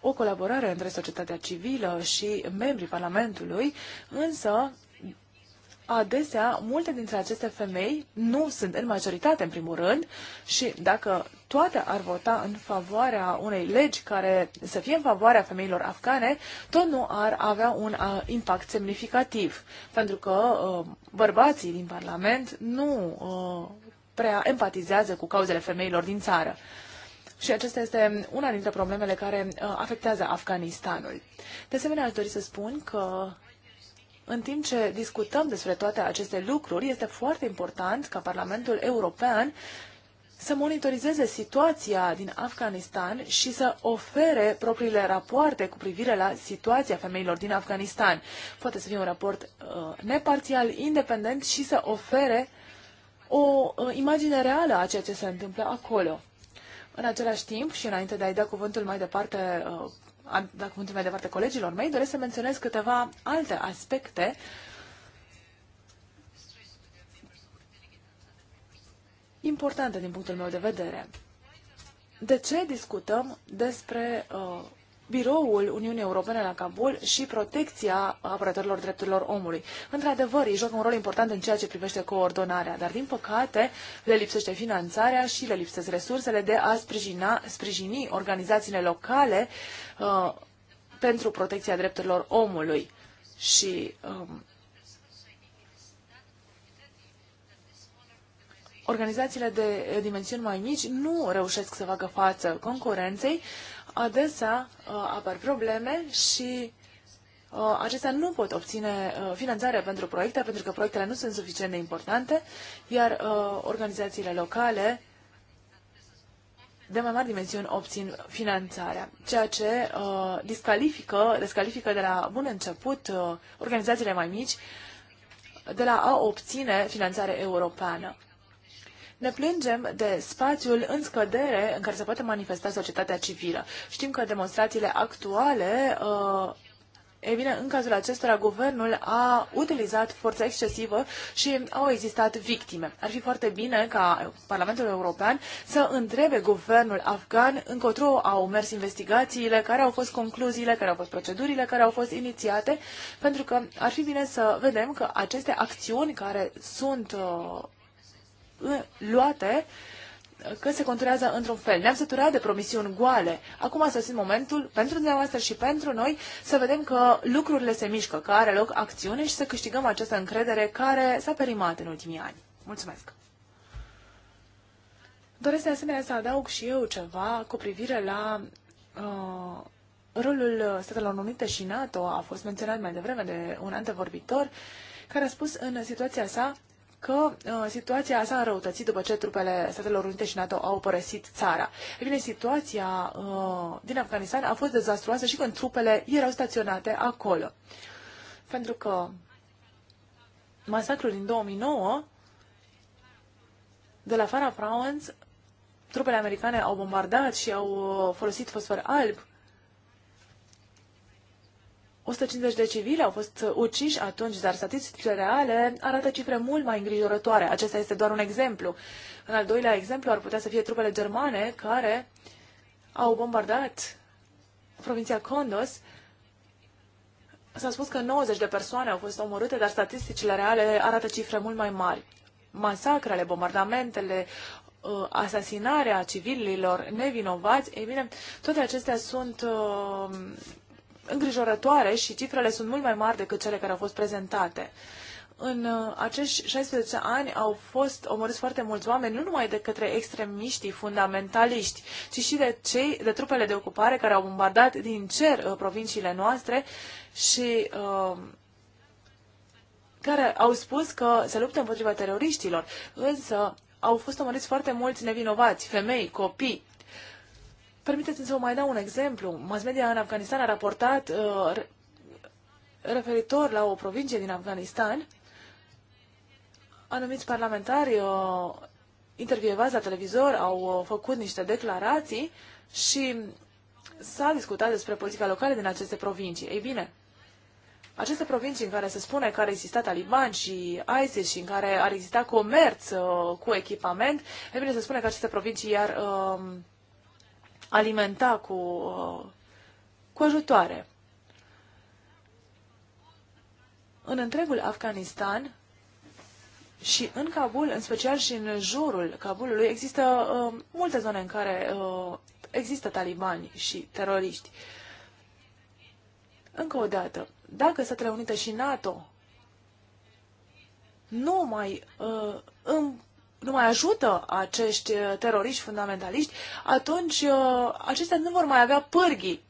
o colaborare între societatea civilă și membrii Parlamentului, însă adesea multe dintre aceste femei nu sunt în majoritate, în primul rând, și dacă toate ar vota în favoarea unei legi care să fie în favoarea femeilor afgane, tot nu ar avea un impact semnificativ, pentru că uh, bărbații din Parlament nu uh, prea empatizează cu cauzele femeilor din țară. Și acesta este una dintre problemele care uh, afectează Afganistanul. De asemenea, aș dori să spun că în timp ce discutăm despre toate aceste lucruri, este foarte important ca Parlamentul European să monitorizeze situația din Afganistan și să ofere propriile rapoarte cu privire la situația femeilor din Afganistan. Poate să fie un raport uh, neparțial, independent și să ofere o uh, imagine reală a ceea ce se întâmplă acolo. În același timp și înainte de a-i da cuvântul mai departe, uh, a da cuvântul mai departe colegilor mei, doresc să menționez câteva alte aspecte importante din punctul meu de vedere. De ce discutăm despre uh, biroul Uniunii Europene la Kabul și protecția apărătorilor drepturilor omului. Într-adevăr, ei joacă un rol important în ceea ce privește coordonarea, dar din păcate le lipsește finanțarea și le lipsesc resursele de a sprijina, sprijini organizațiile locale uh, pentru protecția drepturilor omului. Și um, organizațiile de eh, dimensiuni mai mici nu reușesc să facă față concurenței, adesea eh, apar probleme și eh, acestea nu pot obține finanțare pentru proiecte, pentru că proiectele nu sunt suficient de importante, iar organizațiile locale de mai mari dimensiuni obțin finanțarea, ceea ce uh, discalifică, descalifică de la bun început uh, organizațiile mai mici de la a obține finanțare europeană. Ne plângem de spațiul în scădere în care se poate manifesta societatea civilă. Știm că demonstrațiile actuale uh, bine, în cazul acestora, guvernul a utilizat forța excesivă și au existat victime. Ar fi foarte bine ca Parlamentul European să întrebe guvernul afgan încotro au mers investigațiile, care au fost concluziile, care au fost procedurile, care au fost inițiate, pentru că ar fi bine să vedem că aceste acțiuni care sunt uh, luate că se conturează într-un fel. Ne-am săturat de promisiuni goale. Acum a sosit momentul pentru dumneavoastră și pentru noi să vedem că lucrurile se mișcă, că are loc acțiune și să câștigăm această încredere care s-a perimat în ultimii ani. Mulțumesc! Doresc de asemenea să adaug și eu ceva cu privire la uh, rolul Statelor Unite și NATO, a fost menționat mai devreme de un antevorbitor, care a spus în situația sa că uh, situația s-a înrăutățit după ce trupele Statelor Unite și NATO au părăsit țara. E bine, situația uh, din Afganistan a fost dezastruoasă și când trupele erau staționate acolo. Pentru că masacrul din 2009 de la Farah Province, trupele americane au bombardat și au uh, folosit fosfor alb 150 de civili au fost uh, uciși atunci, dar statisticile reale arată cifre mult mai îngrijorătoare. Acesta este doar un exemplu. În al doilea exemplu ar putea să fie trupele germane care au bombardat provincia Condos. S-a spus că 90 de persoane au fost omorâte, dar statisticile reale arată cifre mult mai mari. Masacrele, bombardamentele, uh, asasinarea civililor nevinovați, ei bine, toate acestea sunt uh, îngrijorătoare și cifrele sunt mult mai mari decât cele care au fost prezentate. În uh, acești 16 ani au fost omorâți foarte mulți oameni, nu numai de către extremiștii fundamentaliști, ci și de, cei, de trupele de ocupare care au bombardat din cer uh, provinciile noastre și uh, care au spus că se luptă împotriva teroriștilor. Însă au fost omorâți foarte mulți nevinovați, femei, copii. Permiteți-mi să vă mai dau un exemplu. Mass media în Afganistan a raportat uh, referitor la o provincie din Afganistan. Anumiți parlamentari uh, intervievați la televizor au uh, făcut niște declarații și s-a discutat despre politica locală din aceste provincii. Ei bine, aceste provincii în care se spune că ar exista taliban și ISIS și în care ar exista comerț uh, cu echipament, ei bine, se spune că aceste provincii iar uh, alimenta cu, uh, cu ajutoare. În întregul Afganistan și în Kabul, în special și în jurul Kabulului, există uh, multe zone în care uh, există talibani și teroriști. Încă o dată, dacă Statele Unite și NATO nu mai uh, nu mai ajută acești uh, teroriști fundamentaliști, atunci uh, acestea nu vor mai avea pârghii.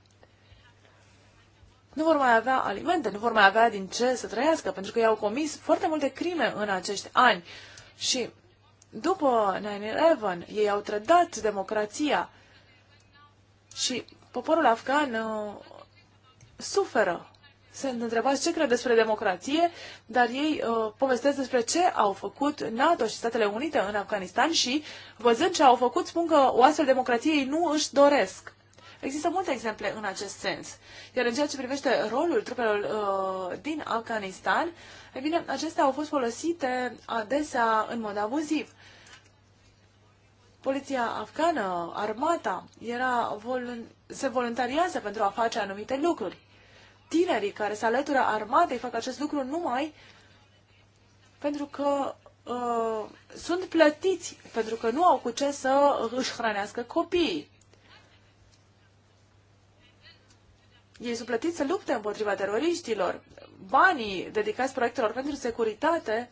Nu vor mai avea alimente, nu vor mai avea din ce să trăiască, pentru că i-au comis foarte multe crime în acești ani. Și după 9-11, ei au trădat democrația și poporul afgan uh, suferă sunt întrebați ce cred despre democrație, dar ei uh, povestesc despre ce au făcut NATO și Statele Unite în Afganistan și, văzând ce au făcut, spun că o astfel democrație ei nu își doresc. Există multe exemple în acest sens. Iar în ceea ce privește rolul trupelor uh, din Afganistan, e bine, acestea au fost folosite adesea în mod abuziv. Poliția afgană, armata, era volun- se voluntariază pentru a face anumite lucruri tinerii care se alătură armatei fac acest lucru numai pentru că uh, sunt plătiți, pentru că nu au cu ce să își hrănească copiii. Ei sunt plătiți să lupte împotriva teroriștilor. Banii dedicați proiectelor pentru securitate,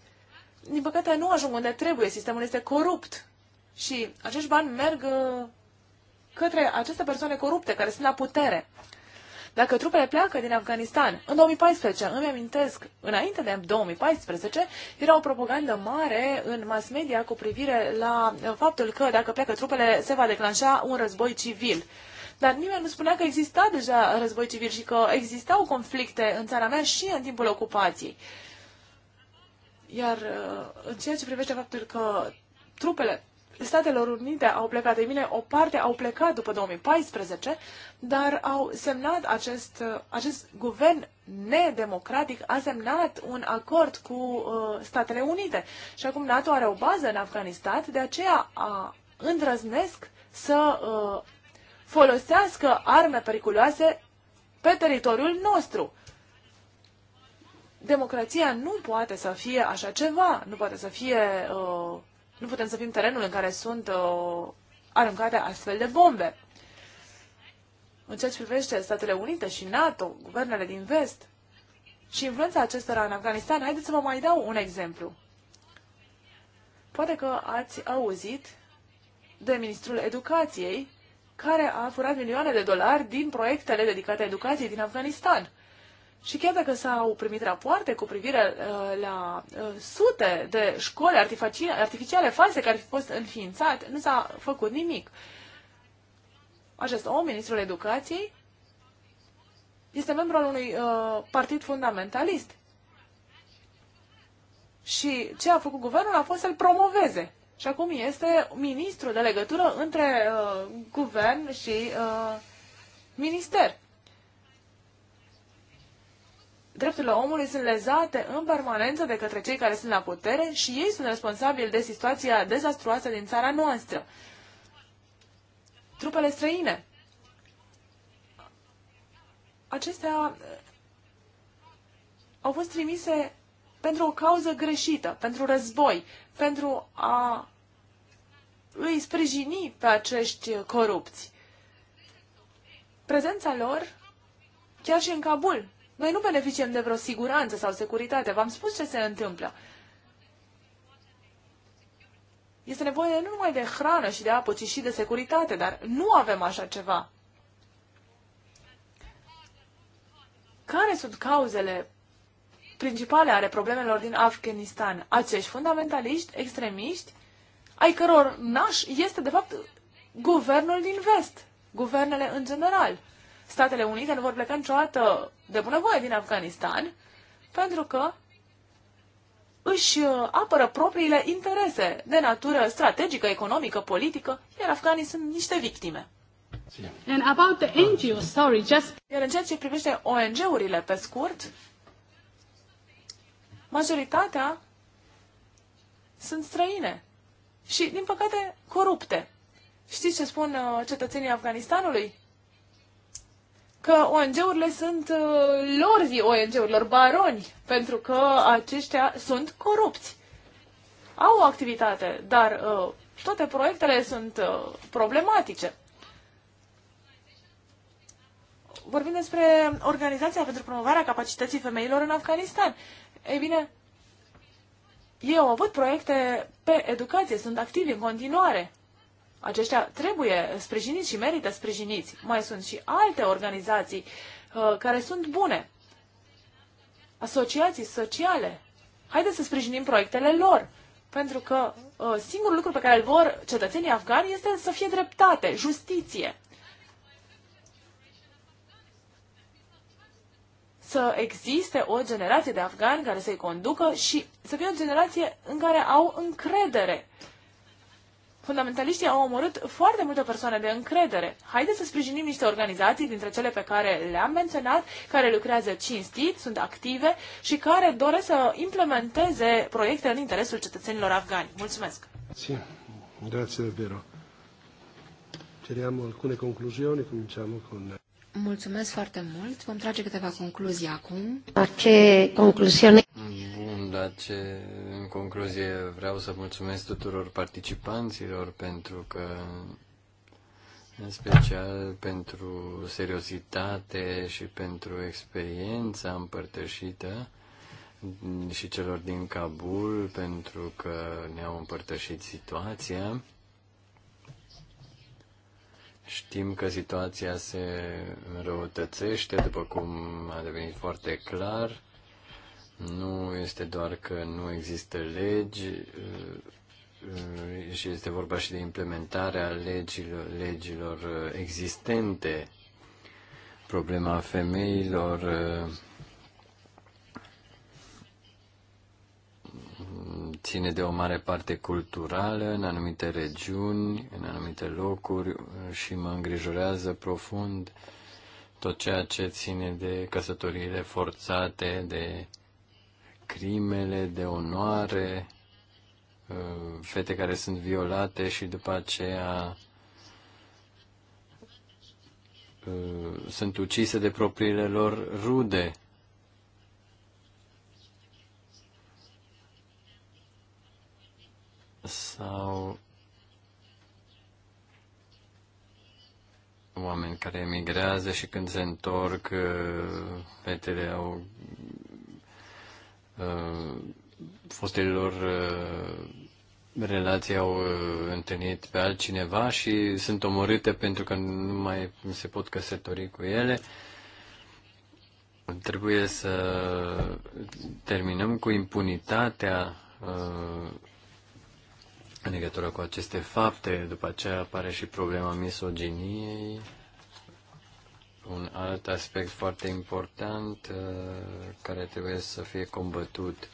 din păcate, nu ajung unde trebuie. Sistemul este corupt. Și acești bani merg uh, către aceste persoane corupte care sunt la putere. Dacă trupele pleacă din Afganistan în 2014, îmi amintesc, înainte de 2014, era o propagandă mare în mass media cu privire la uh, faptul că dacă pleacă trupele se va declanșa un război civil dar nimeni nu spunea că exista deja război civil și că existau conflicte în țara mea și în timpul ocupației. Iar uh, în ceea ce privește faptul că trupele Statelor Unite au plecat, de bine, o parte au plecat după 2014, dar au semnat acest, acest guvern nedemocratic, a semnat un acord cu uh, Statele Unite. Și acum NATO are o bază în Afganistan, de aceea a, îndrăznesc să uh, folosească arme periculoase pe teritoriul nostru. Democrația nu poate să fie așa ceva, nu poate să fie uh, nu putem să fim terenul în care sunt uh, aruncate astfel de bombe. În ceea ce privește Statele Unite și NATO, guvernele din vest și influența acestora în Afganistan, haideți să vă mai dau un exemplu. Poate că ați auzit de ministrul educației care a furat milioane de dolari din proiectele dedicate educației din Afganistan. Și chiar dacă s-au primit rapoarte cu privire uh, la uh, sute de școli artificiale, false care au fost înființate, nu s-a făcut nimic. Acest om, ministrul educației, este membru al unui uh, partid fundamentalist. Și ce a făcut guvernul a fost să-l promoveze. Și acum este ministru de legătură între uh, guvern și uh, minister drepturile omului sunt lezate în permanență de către cei care sunt la putere și ei sunt responsabili de situația dezastruoasă din țara noastră. Trupele străine. Acestea eh, au fost trimise pentru o cauză greșită, pentru război, pentru a îi sprijini pe acești corupți. Prezența lor, chiar și în Kabul, noi nu beneficiem de vreo siguranță sau securitate. V-am spus ce se întâmplă. Este nevoie nu numai de hrană și de apă, ci și de securitate, dar nu avem așa ceva. Care sunt cauzele principale ale problemelor din Afganistan? Acești fundamentaliști, extremiști, ai căror naș este, de fapt, guvernul din vest, guvernele în general. Statele Unite nu vor pleca niciodată de bunăvoie din Afganistan, pentru că își uh, apără propriile interese de natură strategică, economică, politică, iar afganii sunt niște victime. And about the NGO, sorry, just... Iar în ceea ce privește ONG-urile, pe scurt, majoritatea sunt străine și, din păcate, corupte. Știți ce spun uh, cetățenii Afganistanului? că ONG-urile sunt uh, lorzii ONG-urilor, baroni, pentru că aceștia sunt corupți. Au o activitate, dar uh, toate proiectele sunt uh, problematice. Vorbim despre Organizația pentru promovarea capacității femeilor în Afganistan. Ei bine, ei au avut proiecte pe educație, sunt activi în continuare. Aceștia trebuie sprijiniți și merită sprijiniți. Mai sunt și alte organizații uh, care sunt bune. Asociații sociale. Haideți să sprijinim proiectele lor. Pentru că uh, singurul lucru pe care îl vor cetățenii afgani este să fie dreptate, justiție. să existe o generație de afgani care să-i conducă și să fie o generație în care au încredere fundamentaliștii au omorât foarte multe persoane de încredere. Haideți să sprijinim niște organizații dintre cele pe care le-am menționat, care lucrează cinstit, sunt active și care doresc să implementeze proiecte în interesul cetățenilor afgani. Mulțumesc! Sì, grazie davvero. Ceriamo alcune conclusioni, cominciamo con... Mulțumesc foarte mult. Vom trage câteva concluzii acum. La ce concluziune? Bun, la ce în concluzie vreau să mulțumesc tuturor participanților pentru că în special pentru seriozitate și pentru experiența împărtășită și celor din Kabul pentru că ne-au împărtășit situația. Știm că situația se răutățește, după cum a devenit foarte clar. Nu este doar că nu există legi, și este vorba și de implementarea legilor, legilor existente. Problema femeilor ține de o mare parte culturală în anumite regiuni, în anumite locuri și mă îngrijorează profund tot ceea ce ține de căsătoriile forțate, de crimele de onoare, uh, fete care sunt violate și după aceea uh, sunt ucise de propriile lor rude. sau oameni care emigrează și când se întorc, uh, fetele au uh, fostelor uh, relații au întâlnit pe altcineva și sunt omorâte pentru că nu mai se pot căsători cu ele. Trebuie să terminăm cu impunitatea în legătură cu aceste fapte, după aceea apare și problema misoginiei, un alt aspect foarte important uh, care trebuie să fie combătut.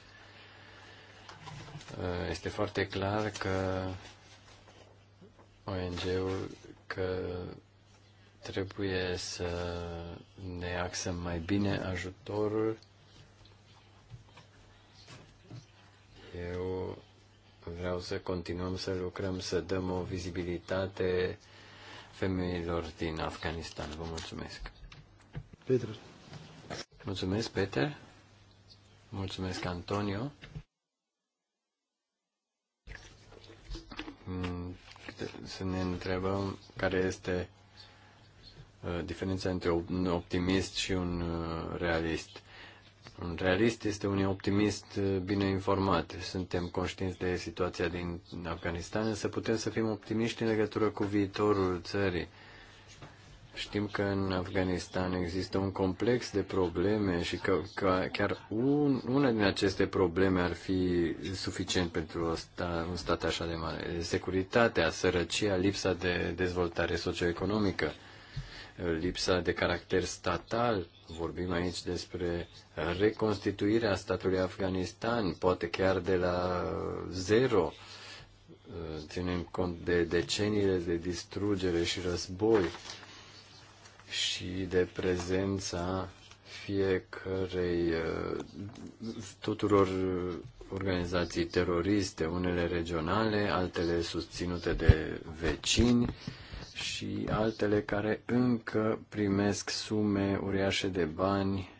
Uh, este foarte clar că ONG-ul că trebuie să ne axăm mai bine ajutorul. Eu Vreau să continuăm să lucrăm, să dăm o vizibilitate femeilor din Afganistan. Vă mulțumesc. Peter. Mulțumesc, Peter. Mulțumesc, Antonio. Mm, să ne întrebăm care este uh, diferența între un optimist și un uh, realist. Un realist este un optimist eh, bine informat. Suntem conștienți de situația din Afganistan, însă putem să fim optimiști în legătură cu viitorul țării. Știm că în Afganistan există un complex de probleme și că, că chiar un, una din aceste probleme ar fi suficient pentru o sta, un stat așa de mare. Securitatea, sărăcia, lipsa de dezvoltare socioeconomică, lipsa de caracter statal, Vorbim aici despre reconstituirea statului Afganistan, poate chiar de la uh, zero. Uh, ținem cont de deceniile de distrugere și război și de prezența fiecarei uh, tuturor organizații teroriste, unele regionale, altele susținute de vecini și altele care încă primesc sume uriașe de bani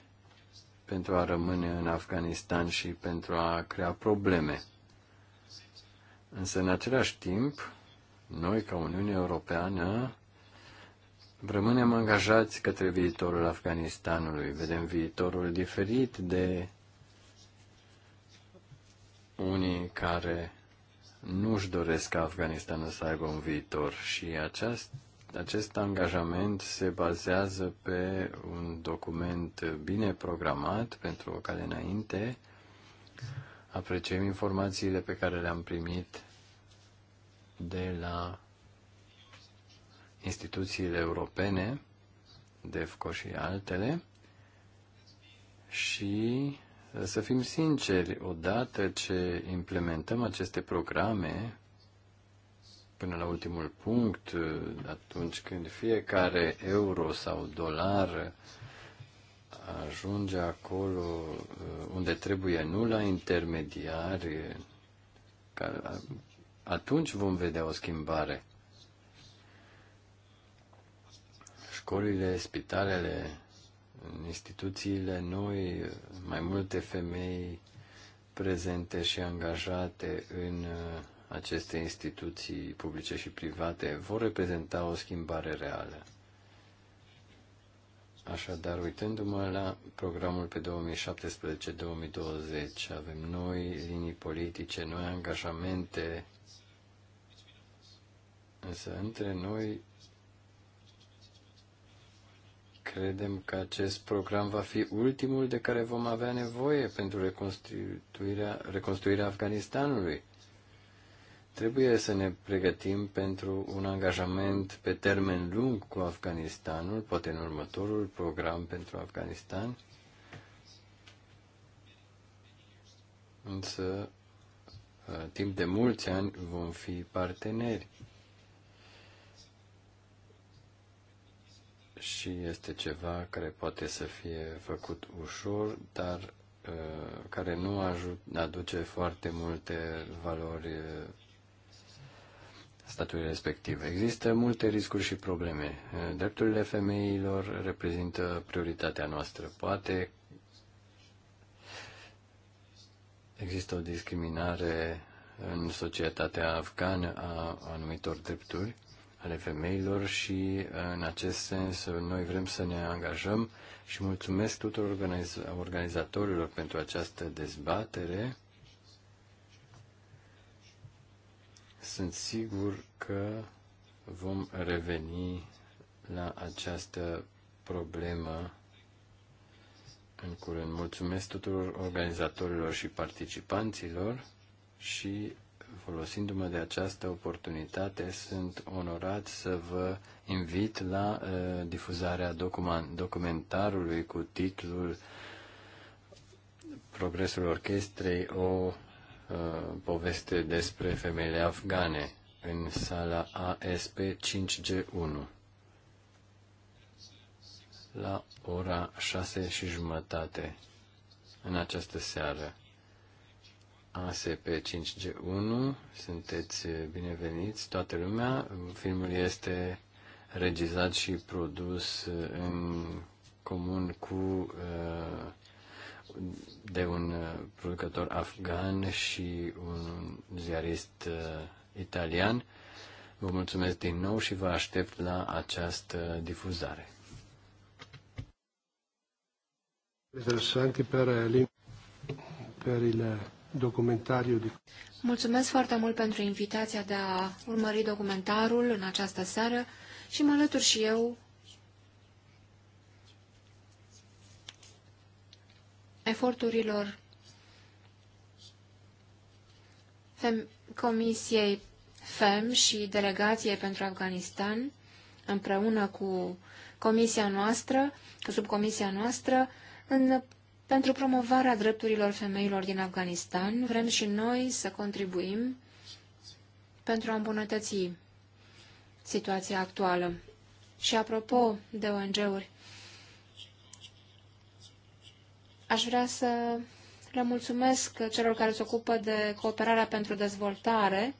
pentru a rămâne în Afganistan și pentru a crea probleme. Însă, în același timp, noi, ca Uniune Europeană, rămânem angajați către viitorul Afganistanului. Vedem viitorul diferit de unii care nu și doresc ca Afganistanul să aibă un viitor și acest acest angajament se bazează pe un document bine programat pentru o cale înainte. Apreciem informațiile pe care le-am primit de la instituțiile europene, DEFCO și altele, și să fim sinceri, odată ce implementăm aceste programe, până la ultimul punct, atunci când fiecare euro sau dolar ajunge acolo uh, unde trebuie, nu la intermediari, atunci vom vedea o schimbare. Școlile, spitalele, în instituțiile noi, mai multe femei prezente și angajate în uh, aceste instituții publice și private vor reprezenta o schimbare reală. Așadar, uitându-mă la programul pe 2017-2020, avem noi linii politice, noi angajamente, însă între noi Credem că acest program va fi ultimul de care vom avea nevoie pentru reconstruirea, reconstruirea Afganistanului. Trebuie să ne pregătim pentru un angajament pe termen lung cu Afganistanul, poate în următorul program pentru Afganistan. Însă, timp de mulți ani vom fi parteneri. și este ceva care poate să fie făcut ușor, dar uh, care nu ajut, aduce foarte multe valori uh, statului respectiv. Există multe riscuri și probleme. Uh, drepturile femeilor reprezintă prioritatea noastră. Poate există o discriminare în societatea afgană a anumitor drepturi ale femeilor și în acest sens noi vrem să ne angajăm și mulțumesc tuturor organiz- organizatorilor pentru această dezbatere. Sunt sigur că vom reveni la această problemă în curând. Mulțumesc tuturor organizatorilor și participanților și Folosindu-mă de această oportunitate, sunt onorat să vă invit la uh, difuzarea document, documentarului cu titlul Progresul Orchestrei, o uh, poveste despre femeile afgane în sala ASP 5G1 la ora șase și jumătate în această seară. ASP 5G1, sunteți bineveniți, toată lumea. Filmul este regizat și produs în comun cu uh, de un producător afgan și un ziarist uh, italian. Vă mulțumesc din nou și vă aștept la această difuzare. Interesante per, per il documentariu. De... Mulțumesc foarte mult pentru invitația de a urmări documentarul în această seară și mă alătur și eu eforturilor Fem Comisiei FEM și Delegației pentru Afganistan, împreună cu comisia noastră, cu subcomisia noastră, în pentru promovarea drepturilor femeilor din Afganistan, vrem și noi să contribuim pentru a îmbunătăți situația actuală. Și apropo de ONG-uri, aș vrea să le mulțumesc celor care se ocupă de cooperarea pentru dezvoltare,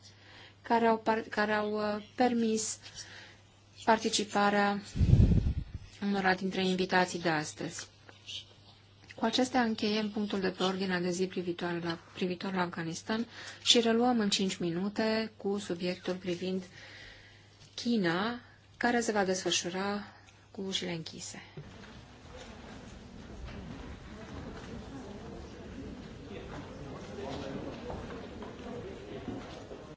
care au, care au uh, permis participarea unora dintre invitații de astăzi. Cu acestea încheiem punctul de pe ordinea de zi privitor la, privitor la Afganistan și reluăm în 5 minute cu subiectul privind China, care se va desfășura cu ușile închise.